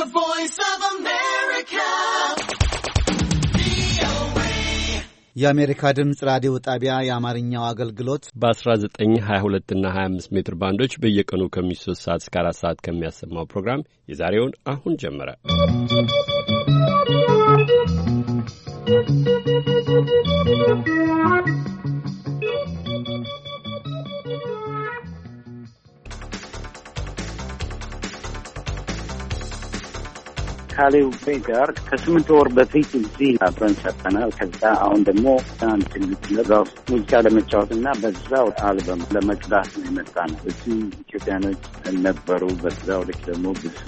The Voice of America. የአሜሪካ ድምፅ ራዲዮ ጣቢያ የአማርኛው አገልግሎት በ1922 እና 25 ሜትር ባንዶች በየቀኑ ከሚሶስት 3 ሰዓት እስከ 4 ሰዓት ከሚያሰማው ፕሮግራም የዛሬውን አሁን ጀመረ። ካሌው ቤ ጋር ከስምንት ወር በፊት እዚህ አብረን ሰርተናል። ከዛ አሁን ደግሞ አንድ ለዛ ውስጥ ሙዚቃ ለመጫወት እና በዛው አልበም ለመቅዳት ነው የመጣ ነው። እዚ ኢትዮጵያኖች ነበሩ። በዛው ልክ ደግሞ ብዙ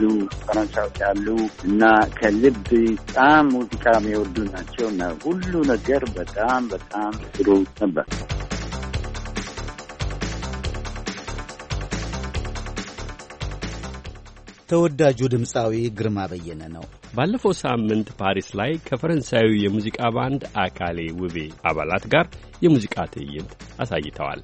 ፈረንሳዎች አሉ እና ከልብ በጣም ሙዚቃ የሚወዱ ናቸው እና ሁሉ ነገር በጣም በጣም ጥሩ ነበር። ተወዳጁ ድምፃዊ ግርማ በየነ ነው። ባለፈው ሳምንት ፓሪስ ላይ ከፈረንሳዩ የሙዚቃ ባንድ አካሌ ውቤ አባላት ጋር የሙዚቃ ትዕይንት አሳይተዋል።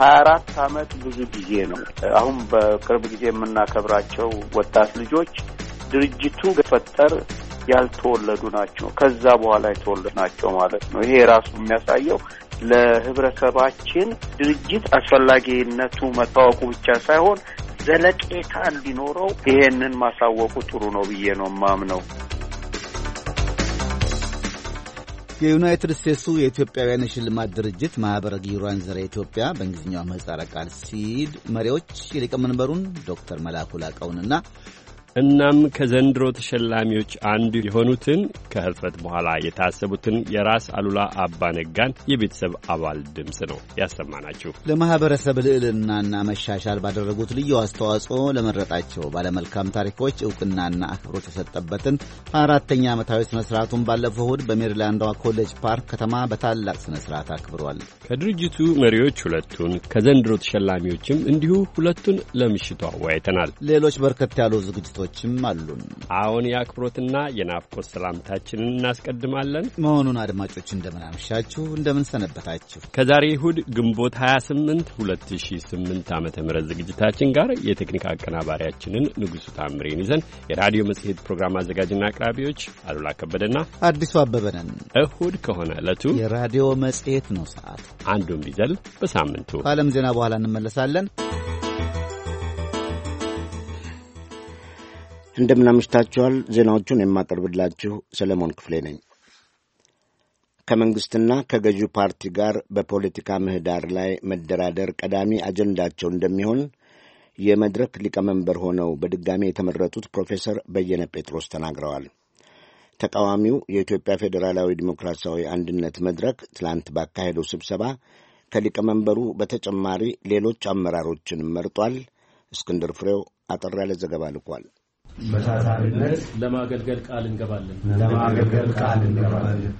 ሀያ አራት ዓመት ብዙ ጊዜ ነው። አሁን በቅርብ ጊዜ የምናከብራቸው ወጣት ልጆች ድርጅቱ ፈጠር ያልተወለዱ ናቸው። ከዛ በኋላ የተወለዱ ናቸው ማለት ነው። ይሄ ራሱ የሚያሳየው ለህብረተሰባችን ድርጅት አስፈላጊነቱ መታወቁ ብቻ ሳይሆን ዘለቄታ እንዲኖረው ይሄንን ማሳወቁ ጥሩ ነው ብዬ ነው ማምነው። የዩናይትድ ስቴትሱ የኢትዮጵያውያን የሽልማት ድርጅት ማኅበረ ጊሮን ዘረ ኢትዮጵያ በእንግሊዝኛው ምህጻረ ቃል ሲድ መሪዎች የሊቀመንበሩን ዶክተር መላኩ ላቀውንና እናም ከዘንድሮ ተሸላሚዎች አንዱ የሆኑትን ከህልፈት በኋላ የታሰቡትን የራስ አሉላ አባ ነጋን የቤተሰብ አባል ድምፅ ነው ያሰማናችሁ። ለማኅበረሰብ ልዕልናና መሻሻል ባደረጉት ልዩ አስተዋጽኦ ለመረጣቸው ባለመልካም ታሪኮች እውቅናና አክብሮት የሰጠበትን አራተኛ ዓመታዊ ሥነ ሥርዓቱን ባለፈው እሁድ በሜሪላንዷ ኮሌጅ ፓርክ ከተማ በታላቅ ሥነ ሥርዓት አክብሯል። ከድርጅቱ መሪዎች ሁለቱን ከዘንድሮ ተሸላሚዎችም እንዲሁ ሁለቱን ለምሽቱ አወያይተናል። ሌሎች በርከት ያሉ ዝግጅቶች ጥያቄዎችም አሉን። አሁን የአክብሮትና የናፍቆት ሰላምታችንን እናስቀድማለን መሆኑን አድማጮች እንደምናመሻችሁ፣ እንደምንሰነበታችሁ ከዛሬ እሁድ ግንቦት 28 2008 ዓ ም ዝግጅታችን ጋር የቴክኒክ አቀናባሪያችንን ንጉሱ ታምሬን ይዘን የራዲዮ መጽሔት ፕሮግራም አዘጋጅና አቅራቢዎች አሉላ ከበደና አዲሱ አበበነን እሁድ ከሆነ ዕለቱ የራዲዮ መጽሔት ነው። ሰዓት አንዱን ቢዘል በሳምንቱ ከዓለም ዜና በኋላ እንመለሳለን። እንደምናምሽታችኋል። ዜናዎቹን የማቀርብላችሁ ሰለሞን ክፍሌ ነኝ። ከመንግሥትና ከገዢው ፓርቲ ጋር በፖለቲካ ምህዳር ላይ መደራደር ቀዳሚ አጀንዳቸው እንደሚሆን የመድረክ ሊቀመንበር ሆነው በድጋሚ የተመረጡት ፕሮፌሰር በየነ ጴጥሮስ ተናግረዋል። ተቃዋሚው የኢትዮጵያ ፌዴራላዊ ዲሞክራሲያዊ አንድነት መድረክ ትላንት ባካሄደው ስብሰባ ከሊቀመንበሩ በተጨማሪ ሌሎች አመራሮችን መርጧል። እስክንድር ፍሬው አጠር ያለ ዘገባ ልኳል። በታታሪነት ለማገልገል ቃል እንገባለን ለማገልገል ቃል እንገባለን።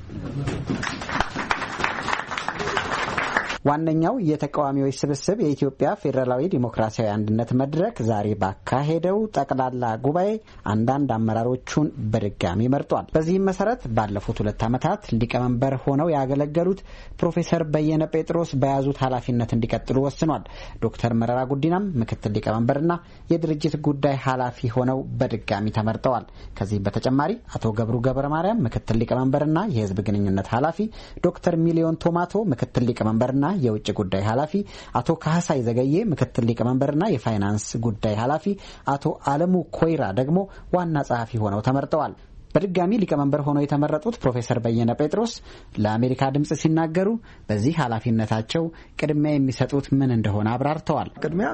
ዋነኛው የተቃዋሚዎች ስብስብ የኢትዮጵያ ፌዴራላዊ ዲሞክራሲያዊ አንድነት መድረክ ዛሬ ባካሄደው ጠቅላላ ጉባኤ አንዳንድ አመራሮቹን በድጋሚ መርጧል። በዚህም መሰረት ባለፉት ሁለት ዓመታት ሊቀመንበር ሆነው ያገለገሉት ፕሮፌሰር በየነ ጴጥሮስ በያዙት ኃላፊነት እንዲቀጥሉ ወስኗል። ዶክተር መረራ ጉዲናም ምክትል ሊቀመንበርና የድርጅት ጉዳይ ኃላፊ ሆነው በድጋሚ ተመርጠዋል። ከዚህም በተጨማሪ አቶ ገብሩ ገብረ ማርያም ምክትል ሊቀመንበርና የህዝብ ግንኙነት ኃላፊ፣ ዶክተር ሚሊዮን ቶማቶ ምክትል ሊቀመንበርና የውጭ ጉዳይ ኃላፊ አቶ ካህሳይ ዘገዬ ምክትል ሊቀመንበርና የፋይናንስ ጉዳይ ኃላፊ አቶ አለሙ ኮይራ ደግሞ ዋና ጸሐፊ ሆነው ተመርጠዋል። በድጋሚ ሊቀመንበር ሆነው የተመረጡት ፕሮፌሰር በየነ ጴጥሮስ ለአሜሪካ ድምፅ ሲናገሩ በዚህ ኃላፊነታቸው ቅድሚያ የሚሰጡት ምን እንደሆነ አብራርተዋል። ቅድሚያ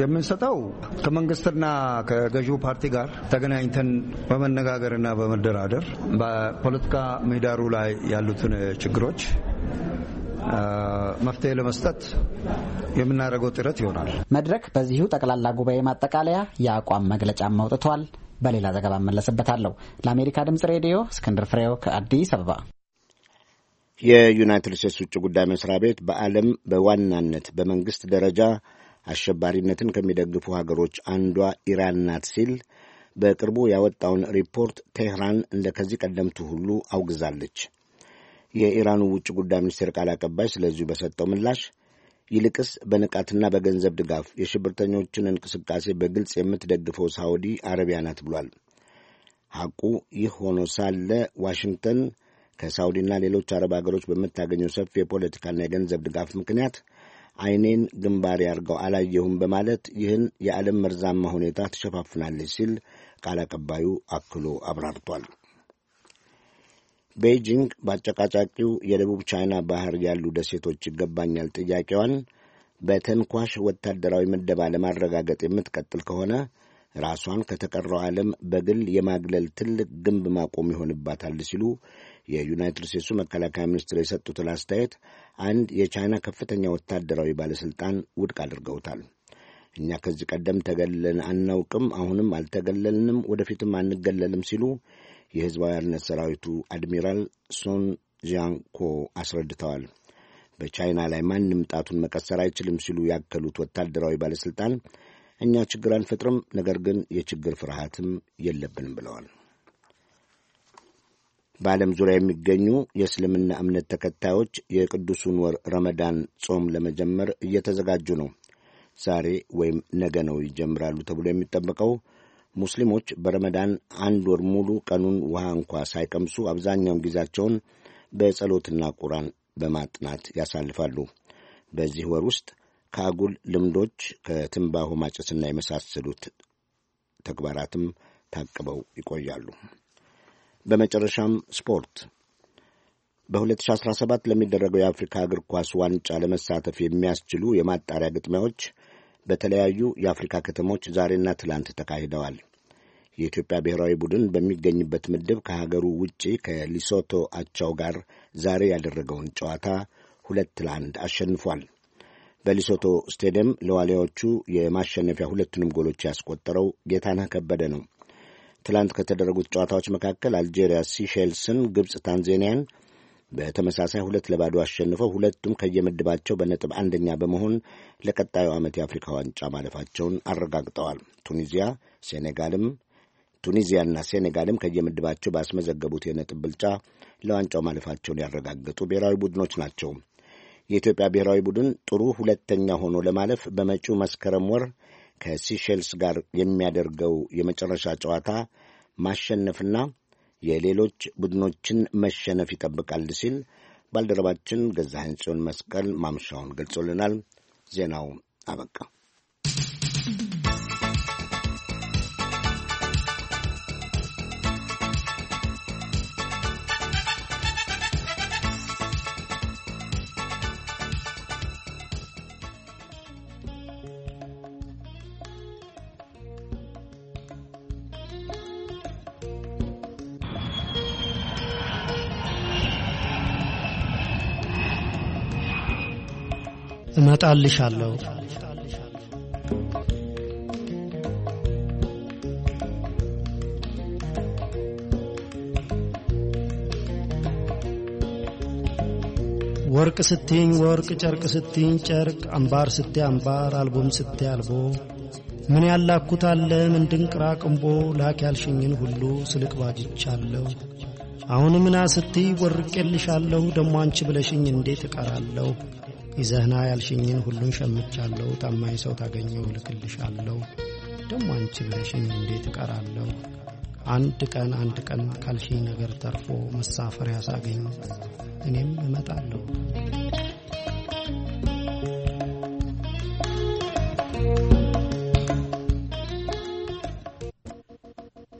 የምንሰጠው ከመንግስትና ከገዢው ፓርቲ ጋር ተገናኝተን በመነጋገርና በመደራደር በፖለቲካ ምህዳሩ ላይ ያሉትን ችግሮች መፍትሄ ለመስጠት የምናደርገው ጥረት ይሆናል። መድረክ በዚሁ ጠቅላላ ጉባኤ ማጠቃለያ የአቋም መግለጫም አውጥቷል። በሌላ ዘገባ እመለስበታለሁ። ለአሜሪካ ድምጽ ሬዲዮ እስክንድር ፍሬው ከአዲስ አበባ። የዩናይትድ ስቴትስ ውጭ ጉዳይ መስሪያ ቤት በዓለም በዋናነት በመንግስት ደረጃ አሸባሪነትን ከሚደግፉ ሀገሮች አንዷ ኢራን ናት ሲል በቅርቡ ያወጣውን ሪፖርት ቴህራን እንደ ከዚህ ቀደምቱ ሁሉ አውግዛለች። የኢራኑ ውጭ ጉዳይ ሚኒስቴር ቃል አቀባይ ስለዚሁ በሰጠው ምላሽ ይልቅስ በንቃትና በገንዘብ ድጋፍ የሽብርተኞችን እንቅስቃሴ በግልጽ የምትደግፈው ሳዑዲ አረቢያ ናት ብሏል። ሐቁ ይህ ሆኖ ሳለ ዋሽንግተን ከሳዑዲና ሌሎች አረብ አገሮች በምታገኘው ሰፊ የፖለቲካና የገንዘብ ድጋፍ ምክንያት ዐይኔን ግንባር ያርገው አላየሁም በማለት ይህን የዓለም መርዛማ ሁኔታ ትሸፋፍናለች ሲል ቃል አቀባዩ አክሎ አብራርቷል። ቤይጂንግ በአጨቃጫቂው የደቡብ ቻይና ባህር ያሉ ደሴቶች ይገባኛል ጥያቄዋን በተንኳሽ ወታደራዊ ምደባ ለማረጋገጥ የምትቀጥል ከሆነ ራሷን ከተቀረው ዓለም በግል የማግለል ትልቅ ግንብ ማቆም ይሆንባታል ሲሉ የዩናይትድ ስቴትሱ መከላከያ ሚኒስትር የሰጡትን አስተያየት አንድ የቻይና ከፍተኛ ወታደራዊ ባለሥልጣን ውድቅ አድርገውታል። እኛ ከዚህ ቀደም ተገለልን አናውቅም፣ አሁንም አልተገለልንም፣ ወደፊትም አንገለልም ሲሉ የህዝባዊ አንድነት ሰራዊቱ አድሚራል ሶን ዣንኮ አስረድተዋል። በቻይና ላይ ማንም ጣቱን መቀሰር አይችልም ሲሉ ያከሉት ወታደራዊ ባለሥልጣን እኛ ችግር አንፈጥርም፣ ነገር ግን የችግር ፍርሃትም የለብንም ብለዋል። በዓለም ዙሪያ የሚገኙ የእስልምና እምነት ተከታዮች የቅዱሱን ወር ረመዳን ጾም ለመጀመር እየተዘጋጁ ነው። ዛሬ ወይም ነገ ነው ይጀምራሉ ተብሎ የሚጠበቀው ሙስሊሞች በረመዳን አንድ ወር ሙሉ ቀኑን ውሃ እንኳ ሳይቀምሱ አብዛኛውን ጊዜያቸውን በጸሎትና ቁራን በማጥናት ያሳልፋሉ። በዚህ ወር ውስጥ ከአጉል ልምዶች ከትንባሆ ማጨስና የመሳሰሉት ተግባራትም ታቅበው ይቆያሉ። በመጨረሻም ስፖርት። በ2017 ለሚደረገው የአፍሪካ እግር ኳስ ዋንጫ ለመሳተፍ የሚያስችሉ የማጣሪያ ግጥሚያዎች በተለያዩ የአፍሪካ ከተሞች ዛሬና ትላንት ተካሂደዋል። የኢትዮጵያ ብሔራዊ ቡድን በሚገኝበት ምድብ ከሀገሩ ውጪ ከሊሶቶ አቻው ጋር ዛሬ ያደረገውን ጨዋታ ሁለት ለአንድ አሸንፏል። በሊሶቶ ስቴዲየም ለዋሊያዎቹ የማሸነፊያ ሁለቱንም ጎሎች ያስቆጠረው ጌታነህ ከበደ ነው። ትላንት ከተደረጉት ጨዋታዎች መካከል አልጄሪያ ሲሼልስን፣ ግብፅ ታንዛኒያን፣ በተመሳሳይ ሁለት ለባዶ አሸንፈው ሁለቱም ከየምድባቸው በነጥብ አንደኛ በመሆን ለቀጣዩ ዓመት የአፍሪካ ዋንጫ ማለፋቸውን አረጋግጠዋል። ቱኒዚያ ሴኔጋልም ቱኒዚያና ሴኔጋልም ከየምድባቸው ባስመዘገቡት የነጥብ ብልጫ ለዋንጫው ማለፋቸውን ያረጋገጡ ብሔራዊ ቡድኖች ናቸው። የኢትዮጵያ ብሔራዊ ቡድን ጥሩ ሁለተኛ ሆኖ ለማለፍ በመጪው መስከረም ወር ከሲሼልስ ጋር የሚያደርገው የመጨረሻ ጨዋታ ማሸነፍና የሌሎች ቡድኖችን መሸነፍ ይጠብቃል ሲል ባልደረባችን ገዛ ጽዮን መስቀል ማምሻውን ገልጾልናል። ዜናው አበቃ። እመጣልሻለሁ። ወርቅ ስትኝ ወርቅ፣ ጨርቅ ስትኝ ጨርቅ፣ አምባር ስቴ አምባር፣ አልቦም ስቴ አልቦ ምን ያላኩታለ ምን ድንቅራ ቅንቦ ላክ ያልሽኝን ሁሉ ስልቅ ባጅቻለሁ። አሁን ምና ስትይ ወርቄልሻለሁ፣ ደሞ አንቺ ብለሽኝ እንዴት እቀራለሁ? ይዘህና ያልሽኝን ሁሉን ሸምቻለሁ። ታማኝ ሰው ታገኘው ልክልሻለሁ። ደግሞ አንቺ ብለሽኝ እንዴት እቀራለሁ? አንድ ቀን አንድ ቀን ካልሽኝ ነገር ተርፎ መሳፈሪያ ሳገኝ እኔም እመጣለሁ።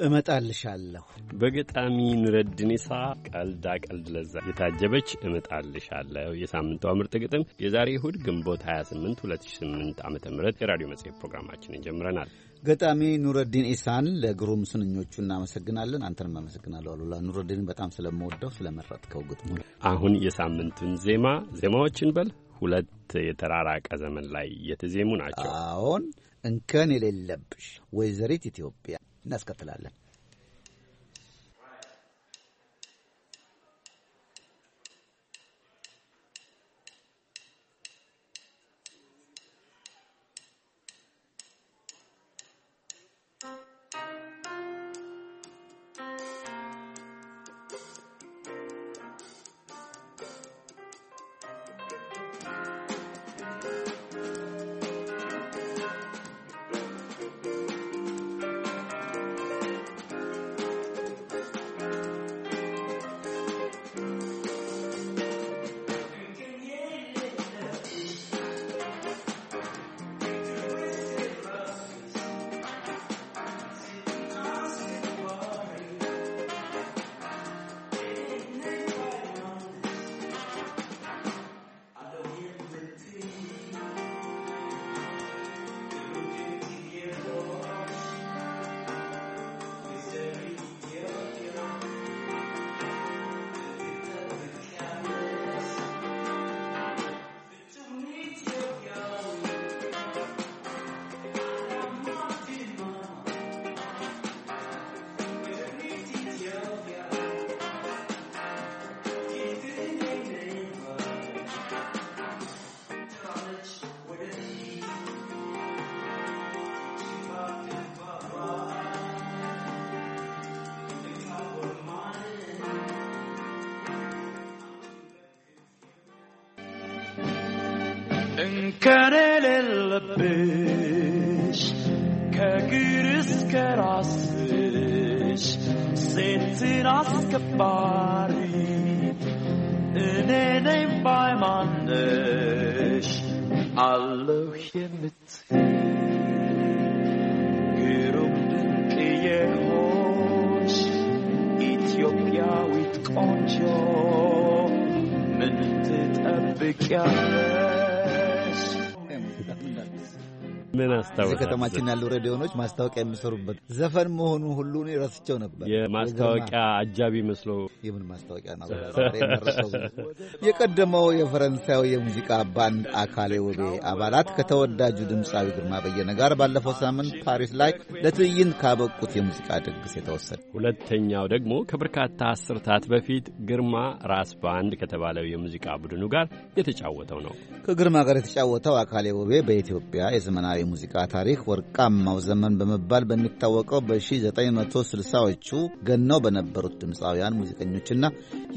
እመጣልሻለሁ በገጣሚ ኒሳ ቀልዳ ቀልድ ለዛ የታጀበች እመጣልሻለሁ የሳምንቱ ምርጥ ግጥም የዛሬ እሁድ ግንቦት 28 2008 ዓ ም የራዲዮ መጽሔት ፕሮግራማችንን ጀምረናል። ገጣሚ ኑረዲን ኢሳን ለግሩም ስንኞቹ እናመሰግናለን። አንተንም አመሰግናለሁ አሉላ። ኑረዲን በጣም ስለመወደው ስለመረጥከው ግጥሙ አሁን የሳምንቱን ዜማ ዜማዎችን በል ሁለት የተራራቀ ዘመን ላይ የተዜሙ ናቸው። አሁን እንከን የሌለብሽ ወይዘሪት ኢትዮጵያ እናስከትላለን። sırası kebari Önenem beim Andeş Alloh hier mit Gerumden keye hoş Ethiopia with konjo Mintet ebekyamet ምን አስታወሳል? ከተማችን ያሉ ሬዲዮኖች ማስታወቂያ የሚሰሩበት ዘፈን መሆኑ ሁሉ ረስቸው ነበር። የማስታወቂያ አጃቢ መስሎ የምን ማስታወቂያ ነው? የቀደመው የፈረንሳዊ የሙዚቃ ባንድ አካሌ ውቤ አባላት ከተወዳጁ ድምፃዊ ግርማ በየነ ጋር ባለፈው ሳምንት ፓሪስ ላይ ለትዕይንት ካበቁት የሙዚቃ ድግስ የተወሰደ። ሁለተኛው ደግሞ ከበርካታ አስርታት በፊት ግርማ ራስ ባንድ ከተባለው የሙዚቃ ቡድኑ ጋር የተጫወተው ነው። ከግርማ ጋር የተጫወተው አካሌ ውቤ በኢትዮጵያ የዘመናዊ የሙዚቃ ታሪክ ወርቃማው ዘመን በመባል በሚታወቀው በ1960ዎቹ ገነው በነበሩት ድምፃውያን ሙዚቀኞችና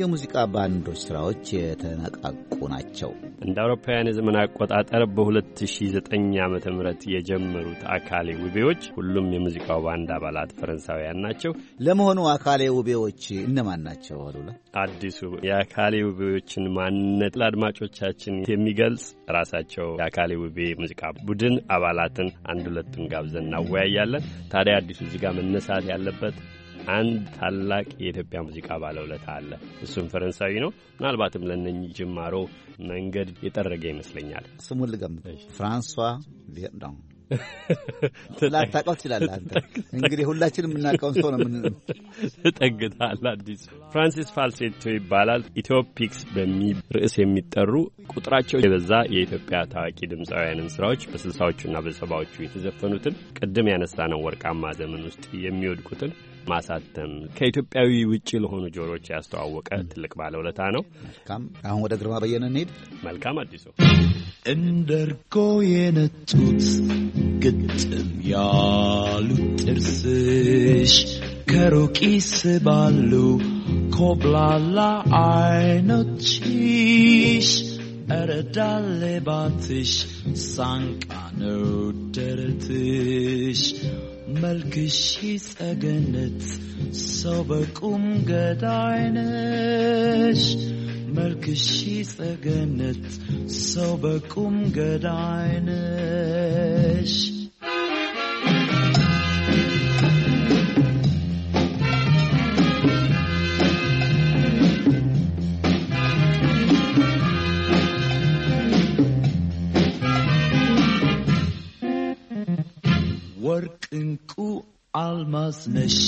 የሙዚቃ ባንዶች ሥራዎች የተነቃቁ ናቸው። እንደ አውሮፓውያን የዘመን አቆጣጠር በ2009 ዓ ም የጀመሩት አካሌ ውቤዎች ሁሉም የሙዚቃው ባንድ አባላት ፈረንሳውያን ናቸው። ለመሆኑ አካሌ ውቤዎች እነማን ናቸው አሉላ? አዲሱ የአካሌ ውቤዎችን ማንነት ለአድማጮቻችን የሚገልጽ ራሳቸው የአካሌ ውቤ ሙዚቃ ቡድን አባላትን አንድ ሁለቱን ጋብዘን እናወያያለን። ታዲያ አዲሱ እዚህ ጋር መነሳት ያለበት አንድ ታላቅ የኢትዮጵያ ሙዚቃ ባለውለታ አለ። እሱም ፈረንሳዊ ነው። ምናልባትም ለነኝ ጅማሮ መንገድ የጠረገ ይመስለኛል። ስሙን ልገምት፣ ፍራንሷ ቪየትናም ላታቀው ትችላለህ አንተ። እንግዲህ ሁላችን የምናውቀውን ሰው ነው ምን ትጠግታለህ። አዲስ ፍራንሲስ ፋልሴቶ ይባላል። ኢትዮፒክስ በሚል ርዕስ የሚጠሩ ቁጥራቸው የበዛ የኢትዮጵያ ታዋቂ ድምፃውያንን ስራዎች በስልሳዎቹና በሰባዎቹ የተዘፈኑትን ቅድም ያነሳነው ወርቃማ ዘመን ውስጥ የሚወድቁትን ማሳተም ከኢትዮጵያዊ ውጭ ለሆኑ ጆሮች ያስተዋወቀ ትልቅ ባለውለታ ነው። መልካም። አሁን ወደ ግርማ በየነ እንሄድ። መልካም አዲሱ In der Koyene getem Gittem ja Luther sich Karuk isse ballu Koblala einotisch Erdalle batisch Sank anoteretisch መልክሽ ይጸገነት ሰው በቁም ገዳይነሽ መልክሽ ተገነት ሰው በቁም ገዳይነሽ ወርቅ እንቁ አልማዝ ነሽ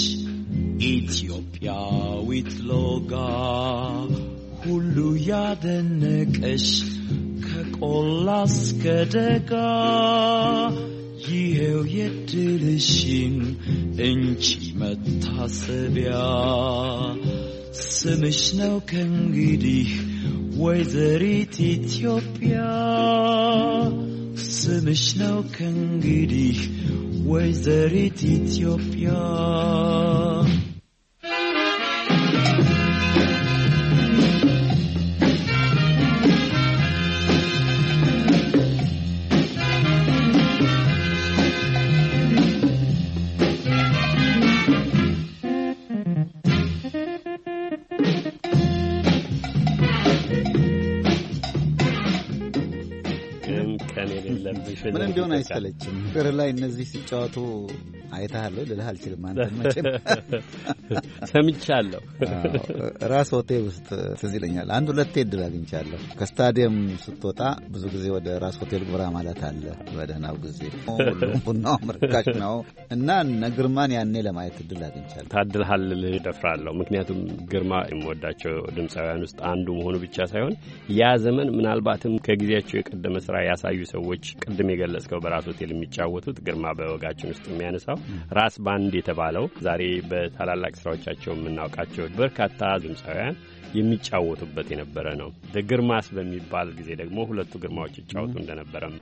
ኢትዮጵያዊት ሎጋ ሁሉ ያደነቀሽ ከቆላ እስከ ደጋ ይኸው የድልሽን እንጂ መታሰቢያ ስምሽ ነው ከእንግዲህ ወይዘሪት ኢትዮጵያ ስምሽ ነው ከእንግዲህ ወይዘሪት ኢትዮጵያ ምን እንዲሆን አይሰለችም። ጥር ላይ እነዚህ ሲጫወቱ አይተሃል ልልህ አልችልም። አንተ መቼም ሰምቻለሁ። ራስ ሆቴል ውስጥ ትዝ ይለኛል አንድ ሁለቴ እድል አግኝቻለሁ። ከስታዲየም ስትወጣ ብዙ ጊዜ ወደ ራስ ሆቴል ጉራ ማለት አለ። በደህናው ጊዜ ሁሉም ቡናው ርካሽ ነው እና እነ ግርማን ያኔ ለማየት እድል አግኝቻለሁ። ታድልሃል ልልህ እደፍራለሁ። ምክንያቱም ግርማ የምወዳቸው ድምፃውያን ውስጥ አንዱ መሆኑ ብቻ ሳይሆን ያ ዘመን ምናልባትም ከጊዜያቸው የቀደመ ስራ ያሳዩ ሰዎች ቅድም የገለጽከው በራስ ሆቴል የሚጫወቱት ግርማ በወጋችን ውስጥ የሚያነሳው መሳሪያው ራስ ባንድ የተባለው ዛሬ በታላላቅ ስራዎቻቸው የምናውቃቸው በርካታ ድምፃውያን የሚጫወቱበት የነበረ ነው። ግርማስ በሚባል ጊዜ ደግሞ ሁለቱ ግርማዎች ይጫወቱ እንደነበረም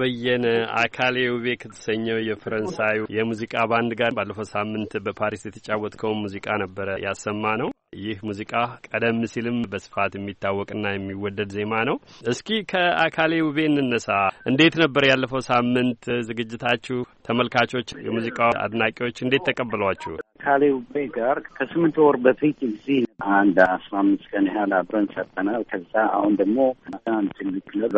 በየነ አካሌ ውቤ ከተሰኘው የፈረንሳዩ የሙዚቃ ባንድ ጋር ባለፈው ሳምንት በፓሪስ የተጫወትከውን ሙዚቃ ነበረ ያሰማ ነው። ይህ ሙዚቃ ቀደም ሲልም በስፋት የሚታወቅና የሚወደድ ዜማ ነው። እስኪ ከአካሌ ውቤ እንነሳ። እንዴት ነበር ያለፈው ሳምንት ዝግጅታችሁ? ተመልካቾች፣ የሙዚቃ አድናቂዎች እንዴት ተቀብሏችሁ ካሌው ቤ ጋር ከስምንት ወር በፊት እዚህ አንድ አስራ አምስት ቀን ያህል አብረን ሰጠናል። ከዛ አሁን ደግሞ ትልቅ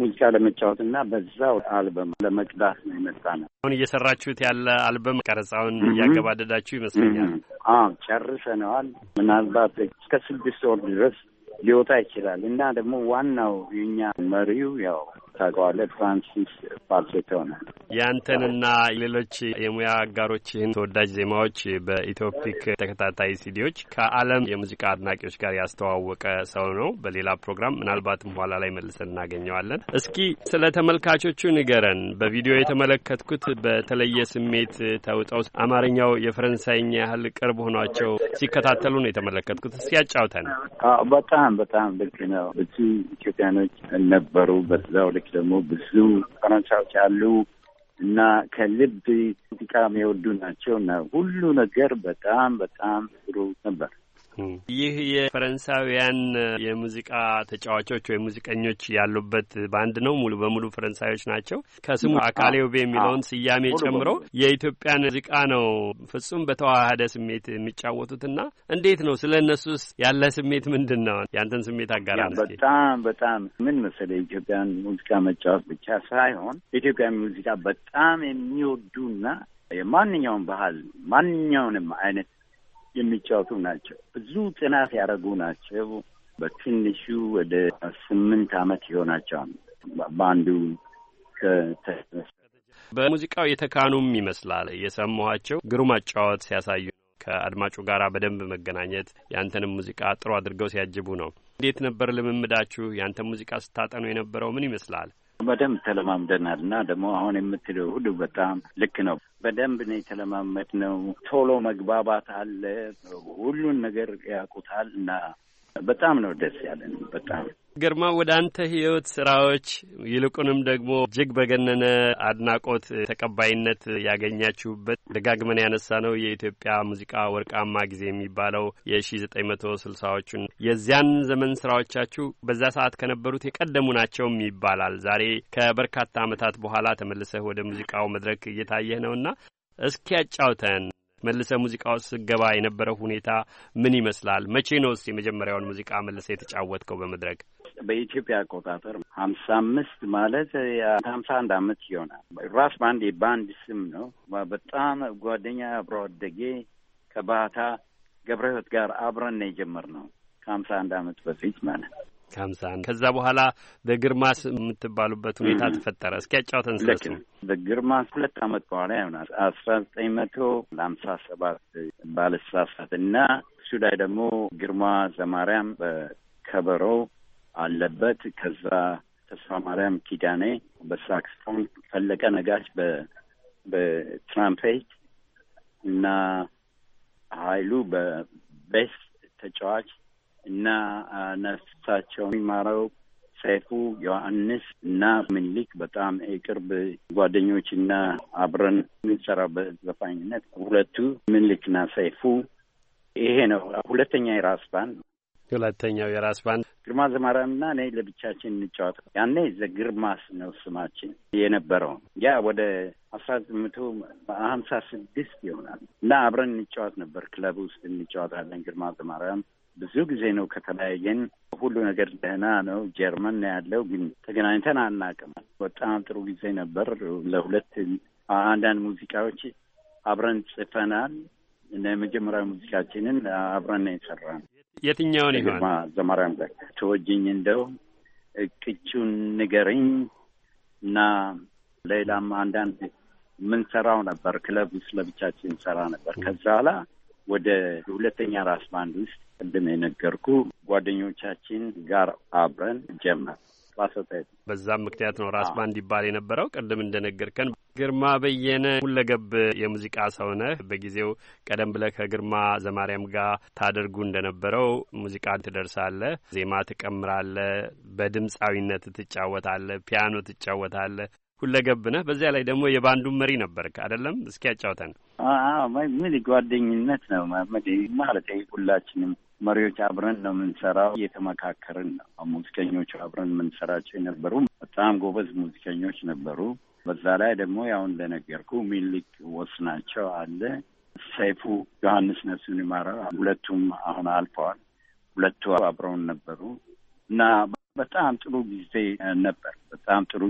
ሙዚቃ ለመጫወት እና በዛው አልበም ለመቅዳት ነው የመጣ ነው። አሁን እየሰራችሁት ያለ አልበም ቀረጻውን እያገባደዳችሁ ይመስለኛል። አዎ ጨርሰነዋል። ምናልባት እስከ ስድስት ወር ድረስ ሊወጣ ይችላል እና ደግሞ ዋናው የኛ መሪው ያው ታውቀዋለህ። ፍራንሲስ ባልሴቶ ነው። ያንተንና ሌሎች የሙያ አጋሮችህን ተወዳጅ ዜማዎች በኢትዮፒክ ተከታታይ ሲዲዎች ከዓለም የሙዚቃ አድናቂዎች ጋር ያስተዋወቀ ሰው ነው። በሌላ ፕሮግራም ምናልባትም ኋላ ላይ መልሰን እናገኘዋለን። እስኪ ስለ ተመልካቾቹ ንገረን። በቪዲዮ የተመለከትኩት በተለየ ስሜት ተውጠው አማርኛው የፈረንሳይኛ ያህል ቅርብ ሆኗቸው ሲከታተሉ ነው የተመለከትኩት። እስኪ ያጫውተን። በጣም በጣም ልክ ነው። ብዙ ኢትዮጵያኖች ነበሩ በዛው ሰዎች ደግሞ ብዙ ፈረንሳዎች አሉ እና ከልብ ሙዚቃ የሚወዱ ናቸው እና ሁሉ ነገር በጣም በጣም ጥሩ ነበር። ይህ የፈረንሳውያን የሙዚቃ ተጫዋቾች ወይም ሙዚቀኞች ያሉበት ባንድ ነው። ሙሉ በሙሉ ፈረንሳዮች ናቸው። ከስሙ አካሌውቤ የሚለውን ስያሜ ጨምሮ የኢትዮጵያን ሙዚቃ ነው ፍጹም በተዋሃደ ስሜት የሚጫወቱትና እንዴት ነው ስለ እነሱስ ያለ ስሜት ምንድን ነው? ያንተን ስሜት አጋራ። በጣም በጣም ምን መሰለ የኢትዮጵያን ሙዚቃ መጫወት ብቻ ሳይሆን የኢትዮጵያን ሙዚቃ በጣም የሚወዱና የማንኛውም ባህል ማንኛውንም አይነት የሚጫወቱ ናቸው። ብዙ ጥናት ያደረጉ ናቸው። በትንሹ ወደ ስምንት አመት ይሆናቸዋል በአንዱ በሙዚቃው የተካኑም ይመስላል የሰማኋቸው ግሩም አጫወት ሲያሳዩ ከአድማጩ ጋር በደንብ መገናኘት ያንተንም ሙዚቃ ጥሩ አድርገው ሲያጅቡ ነው። እንዴት ነበር ልምምዳችሁ? ያንተን ሙዚቃ ስታጠኑ የነበረው ምን ይመስላል? በደንብ ተለማምደናል እና ደግሞ አሁን የምትለው ሁሉ በጣም ልክ ነው። በደንብ ነው የተለማመድ ነው። ቶሎ መግባባት አለ። ሁሉን ነገር ያውቁታል እና በጣም ነው ደስ ያለን በጣም ግርማ ወደ አንተ ህይወት ስራዎች ይልቁንም ደግሞ እጅግ በገነነ አድናቆት ተቀባይነት ያገኛችሁበት ደጋግመን ያነሳ ነው የኢትዮጵያ ሙዚቃ ወርቃማ ጊዜ የሚባለው የሺ ዘጠኝ መቶ ስልሳዎቹን የዚያን ዘመን ስራዎቻችሁ በዛ ሰዓት ከነበሩት የቀደሙ ናቸውም ይባላል። ዛሬ ከበርካታ ዓመታት በኋላ ተመልሰህ ወደ ሙዚቃው መድረክ እየታየህ ነውና እስኪ ያጫውተን መልሰ ሙዚቃ ውስጥ ስገባ የነበረው ሁኔታ ምን ይመስላል? መቼ ነውስ የመጀመሪያውን ሙዚቃ መልሰ የተጫወትከው በመድረክ? ውስጥ በኢትዮጵያ አቆጣጠር ሀምሳ አምስት ማለት ሀምሳ አንድ አመት ይሆናል። ራስ ባንድ የባንድ ስም ነው። በጣም ጓደኛ አብሮ አደጌ ከባታ ገብረ ህይወት ጋር አብረን ነው የጀመርነው ከሀምሳ አንድ አመት በፊት ማለት ከሀምሳ አንድ ከዛ በኋላ በግርማስ የምትባሉበት ሁኔታ ተፈጠረ። እስኪ ያጫውተን ስለሱ። በግርማስ ሁለት አመት በኋላ ይሆናል አስራ ዘጠኝ መቶ ለሀምሳ ሰባት ባለስሳሳት እና እሱ ላይ ደግሞ ግርማ ዘማርያም በከበሮ አለበት። ከዛ ተስፋ ማርያም ኪዳኔ በሳክስፎን፣ ፈለቀ ነጋሽ በትራምፔት እና ኃይሉ በቤስ ተጫዋች እና ነፍሳቸው የሚማረው ሰይፉ ዮሐንስ እና ምኒልክ በጣም የቅርብ ጓደኞች እና አብረን የምንሰራው በዘፋኝነት ሁለቱ ምኒልክና ሰይፉ ይሄ ነው ሁለተኛ የራስ ባንድ ሁለተኛው የራስ ባንድ ግርማ ዘማሪያምና እኔ ለብቻችን እንጫወት። ያኔ ዘግርማስ ነው ስማችን የነበረው። ያ ወደ አስራ ዘጠኝ መቶ ሀምሳ ስድስት ይሆናል እና አብረን እንጫወት ነበር። ክለብ ውስጥ እንጫወታለን። ግርማ ዘማሪያም ብዙ ጊዜ ነው ከተለያየን። ሁሉ ነገር ደህና ነው። ጀርመን ነው ያለው፣ ግን ተገናኝተን አናውቅም። በጣም ጥሩ ጊዜ ነበር። ለሁለት አንዳንድ ሙዚቃዎች አብረን ጽፈናል እና የመጀመሪያ ሙዚቃችንን አብረን ነው የትኛውን ይሆን ዘማርያም ጋር ተወጅኝ እንደው እቅጩን ንገርኝ እና ሌላም አንዳንድ የምንሰራው ነበር። ክለብ ውስጥ ለብቻችን እንሰራ ነበር። ከዛ በኋላ ወደ ሁለተኛ ራስ ባንድ ውስጥ ቅድም የነገርኩ ጓደኞቻችን ጋር አብረን ጀመር ራሶታይት በዛም ምክንያት ነው ራስ ባንድ ይባል የነበረው። ቅድም እንደነገርከን ግርማ በየነ ሁለገብ የሙዚቃ ሰው ነህ። በጊዜው ቀደም ብለህ ከግርማ ዘማርያም ጋር ታደርጉ እንደነበረው ሙዚቃ ትደርሳለህ፣ ዜማ ትቀምራለህ፣ በድምፃዊነት ትጫወታለህ፣ ፒያኖ ትጫወታለህ። ሁለገብ ነህ። በዚያ ላይ ደግሞ የባንዱን መሪ ነበርክ አይደለም? እስኪ ያጫውተን። ምን ጓደኝነት ነው ማለት ሁላችንም መሪዎች አብረን ነው የምንሰራው። እየተመካከርን ነው። ሙዚቀኞቹ አብረን የምንሰራቸው የነበሩ በጣም ጎበዝ ሙዚቀኞች ነበሩ። በዛ ላይ ደግሞ ያው እንደነገርኩ ሚሊክ ወስናቸው አለ፣ ሰይፉ ዮሐንስ፣ ነፍሱን ይማረው ሁለቱም አሁን አልፈዋል። ሁለቱ አብረውን ነበሩ እና በጣም ጥሩ ጊዜ ነበር። በጣም ጥሩ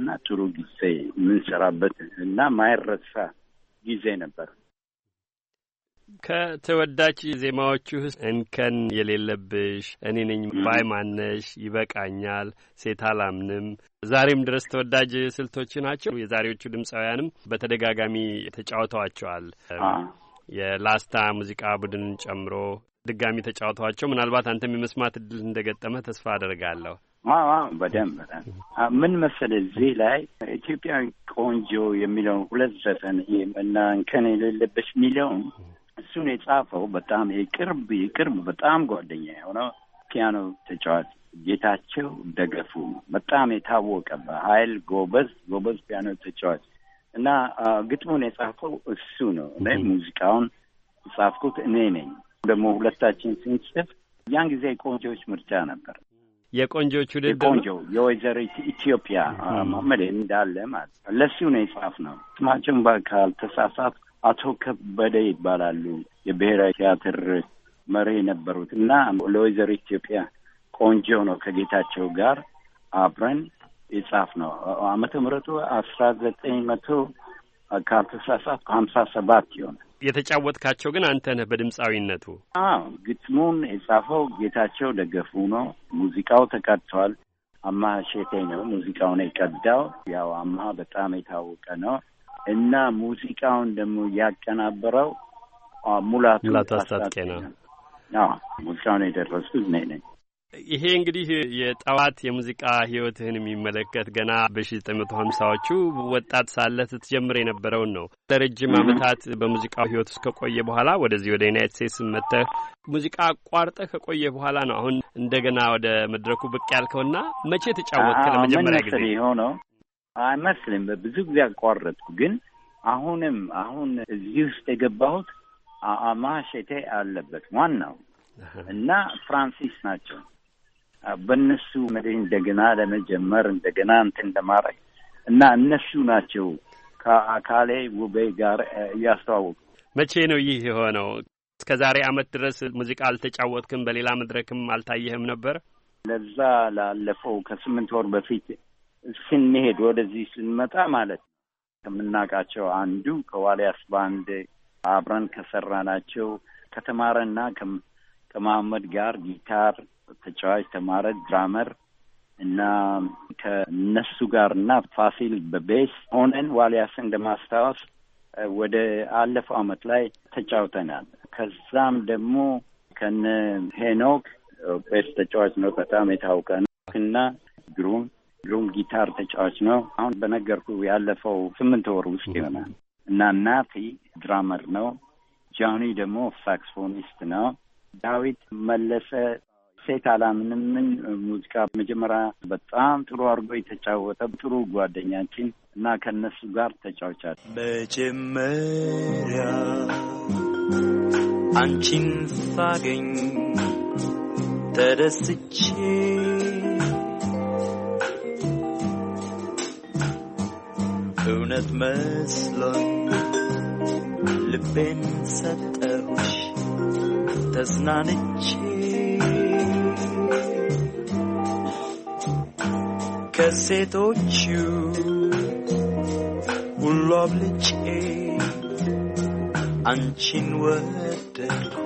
እና ጥሩ ጊዜ የምንሰራበት እና ማይረሳ ጊዜ ነበር። ከተወዳጅ ዜማዎቹ ውስጥ እንከን የሌለብሽ፣ እኔ ነኝ ባይ ማነሽ፣ ይበቃኛል፣ ሴት አላምንም ዛሬም ድረስ ተወዳጅ ስልቶች ናቸው። የዛሬዎቹ ድምፃውያንም በተደጋጋሚ ተጫውተዋቸዋል። የላስታ ሙዚቃ ቡድንን ጨምሮ ድጋሚ ተጫውተዋቸው ምናልባት አንተም የመስማት እድል እንደገጠመ ተስፋ አደርጋለሁ። በደንብ ምን መሰለ እዚህ ላይ ኢትዮጵያ ቆንጆ የሚለውን ሁለት ዘፈን ይህ እና እንከን የሌለበት የሚለውን እሱን የጻፈው በጣም የቅርብ የቅርብ በጣም ጓደኛ የሆነው ፒያኖ ተጫዋች ጌታቸው ደገፉ ነው። በጣም የታወቀ በኃይል ጎበዝ ጎበዝ ፒያኖ ተጫዋች እና ግጥሙን የጻፈው እሱ ነው። እኔ ሙዚቃውን ጻፍኩት እኔ ነኝ። ደግሞ ሁለታችን ስንጽፍ ያን ጊዜ የቆንጆዎች ምርጫ ነበር። የቆንጆዎች ውድድር የቆንጆ የወይዘሮ ኢትዮጵያ መሐመድ እንዳለ ማለት ለሱ ነው የጻፍ ነው። ስማቸውን ካልተሳሳትኩ አቶ ከበደ ይባላሉ። የብሔራዊ ቲያትር መሪ የነበሩት እና ለወይዘሮ ኢትዮጵያ ቆንጆ ነው ከጌታቸው ጋር አብረን የጻፍ ነው። አመተ ምህረቱ አስራ ዘጠኝ መቶ ካልተሳሳት ሀምሳ ሰባት ይሆነ የተጫወትካቸው ግን አንተ ነህ በድምፃዊነቱ? አዎ፣ ግጥሙን የጻፈው ጌታቸው ደገፉ ነው። ሙዚቃው ተቀድተዋል። አማ ሼቴ ነው ሙዚቃውን የቀዳው። ያው አማ በጣም የታወቀ ነው። እና ሙዚቃውን ደግሞ ያቀናበረው ሙላቱ አስታጥቄ ነው። ሙዚቃውን የደረስኩት እኔ ነኝ። ይሄ እንግዲህ የጠዋት የሙዚቃ ህይወትህን የሚመለከት ገና በሺ ዘጠኝ መቶ ሀምሳዎቹ ወጣት ሳለህ ስትጀምር የነበረውን ነው። ለረጅም ዓመታት በሙዚቃው ህይወት ውስጥ ከቆየ በኋላ ወደዚህ ወደ ዩናይት ስቴትስ መጥተህ ሙዚቃ አቋርጠህ ከቆየ በኋላ ነው አሁን እንደገና ወደ መድረኩ ብቅ ያልከውና መቼ ተጫወትክ ለመጀመሪያ ጊዜ? ሆነው አይመስልም። ብዙ ጊዜ አቋረጥኩ። ግን አሁንም አሁን እዚህ ውስጥ የገባሁት አማሸቴ አለበት ዋናው እና ፍራንሲስ ናቸው። በእነሱ መድህ እንደገና ለመጀመር እንደገና እንትን ለማድረግ እና እነሱ ናቸው ከአካሌ ውቤ ጋር እያስተዋወቁ። መቼ ነው ይህ የሆነው? እስከ ዛሬ አመት ድረስ ሙዚቃ አልተጫወትክም፣ በሌላ መድረክም አልታየህም ነበር። ለዛ ላለፈው ከስምንት ወር በፊት ስንሄድ ወደዚህ ስንመጣ ማለት ነው ከምናውቃቸው አንዱ ከዋልያስ ባንድ አብረን ከሰራናቸው ከተማረና ከመሐመድ ጋር ጊታር ተጫዋች ተማረ ድራመር እና ከነሱ ጋር እና ፋሲል በቤስ ሆነን ዋልያስን እንደማስታወስ ወደ አለፈው አመት ላይ ተጫውተናል። ከዛም ደግሞ ከነ ሄኖክ ቤስ ተጫዋች ነው፣ በጣም የታወቀ ነው እና ግሩም ግሩም ጊታር ተጫዋች ነው። አሁን በነገርኩ ያለፈው ስምንት ወር ውስጥ ይሆናል እና ናቲ ድራመር ነው። ጃኒ ደግሞ ሳክስፎኒስት ነው። ዳዊት መለሰ ሴት አላምንምን ሙዚቃ መጀመሪያ በጣም ጥሩ አድርጎ የተጫወተ ጥሩ ጓደኛችን እና ከእነሱ ጋር ተጫውቻል። መጀመሪያ አንቺን ሳገኝ ተደስቼ እውነት መስሎኝ ልቤን ሰጠሁሽ ተዝናንቼ ከሴቶቹ ሁሉ አብልጬ አንቺን ወደድኩ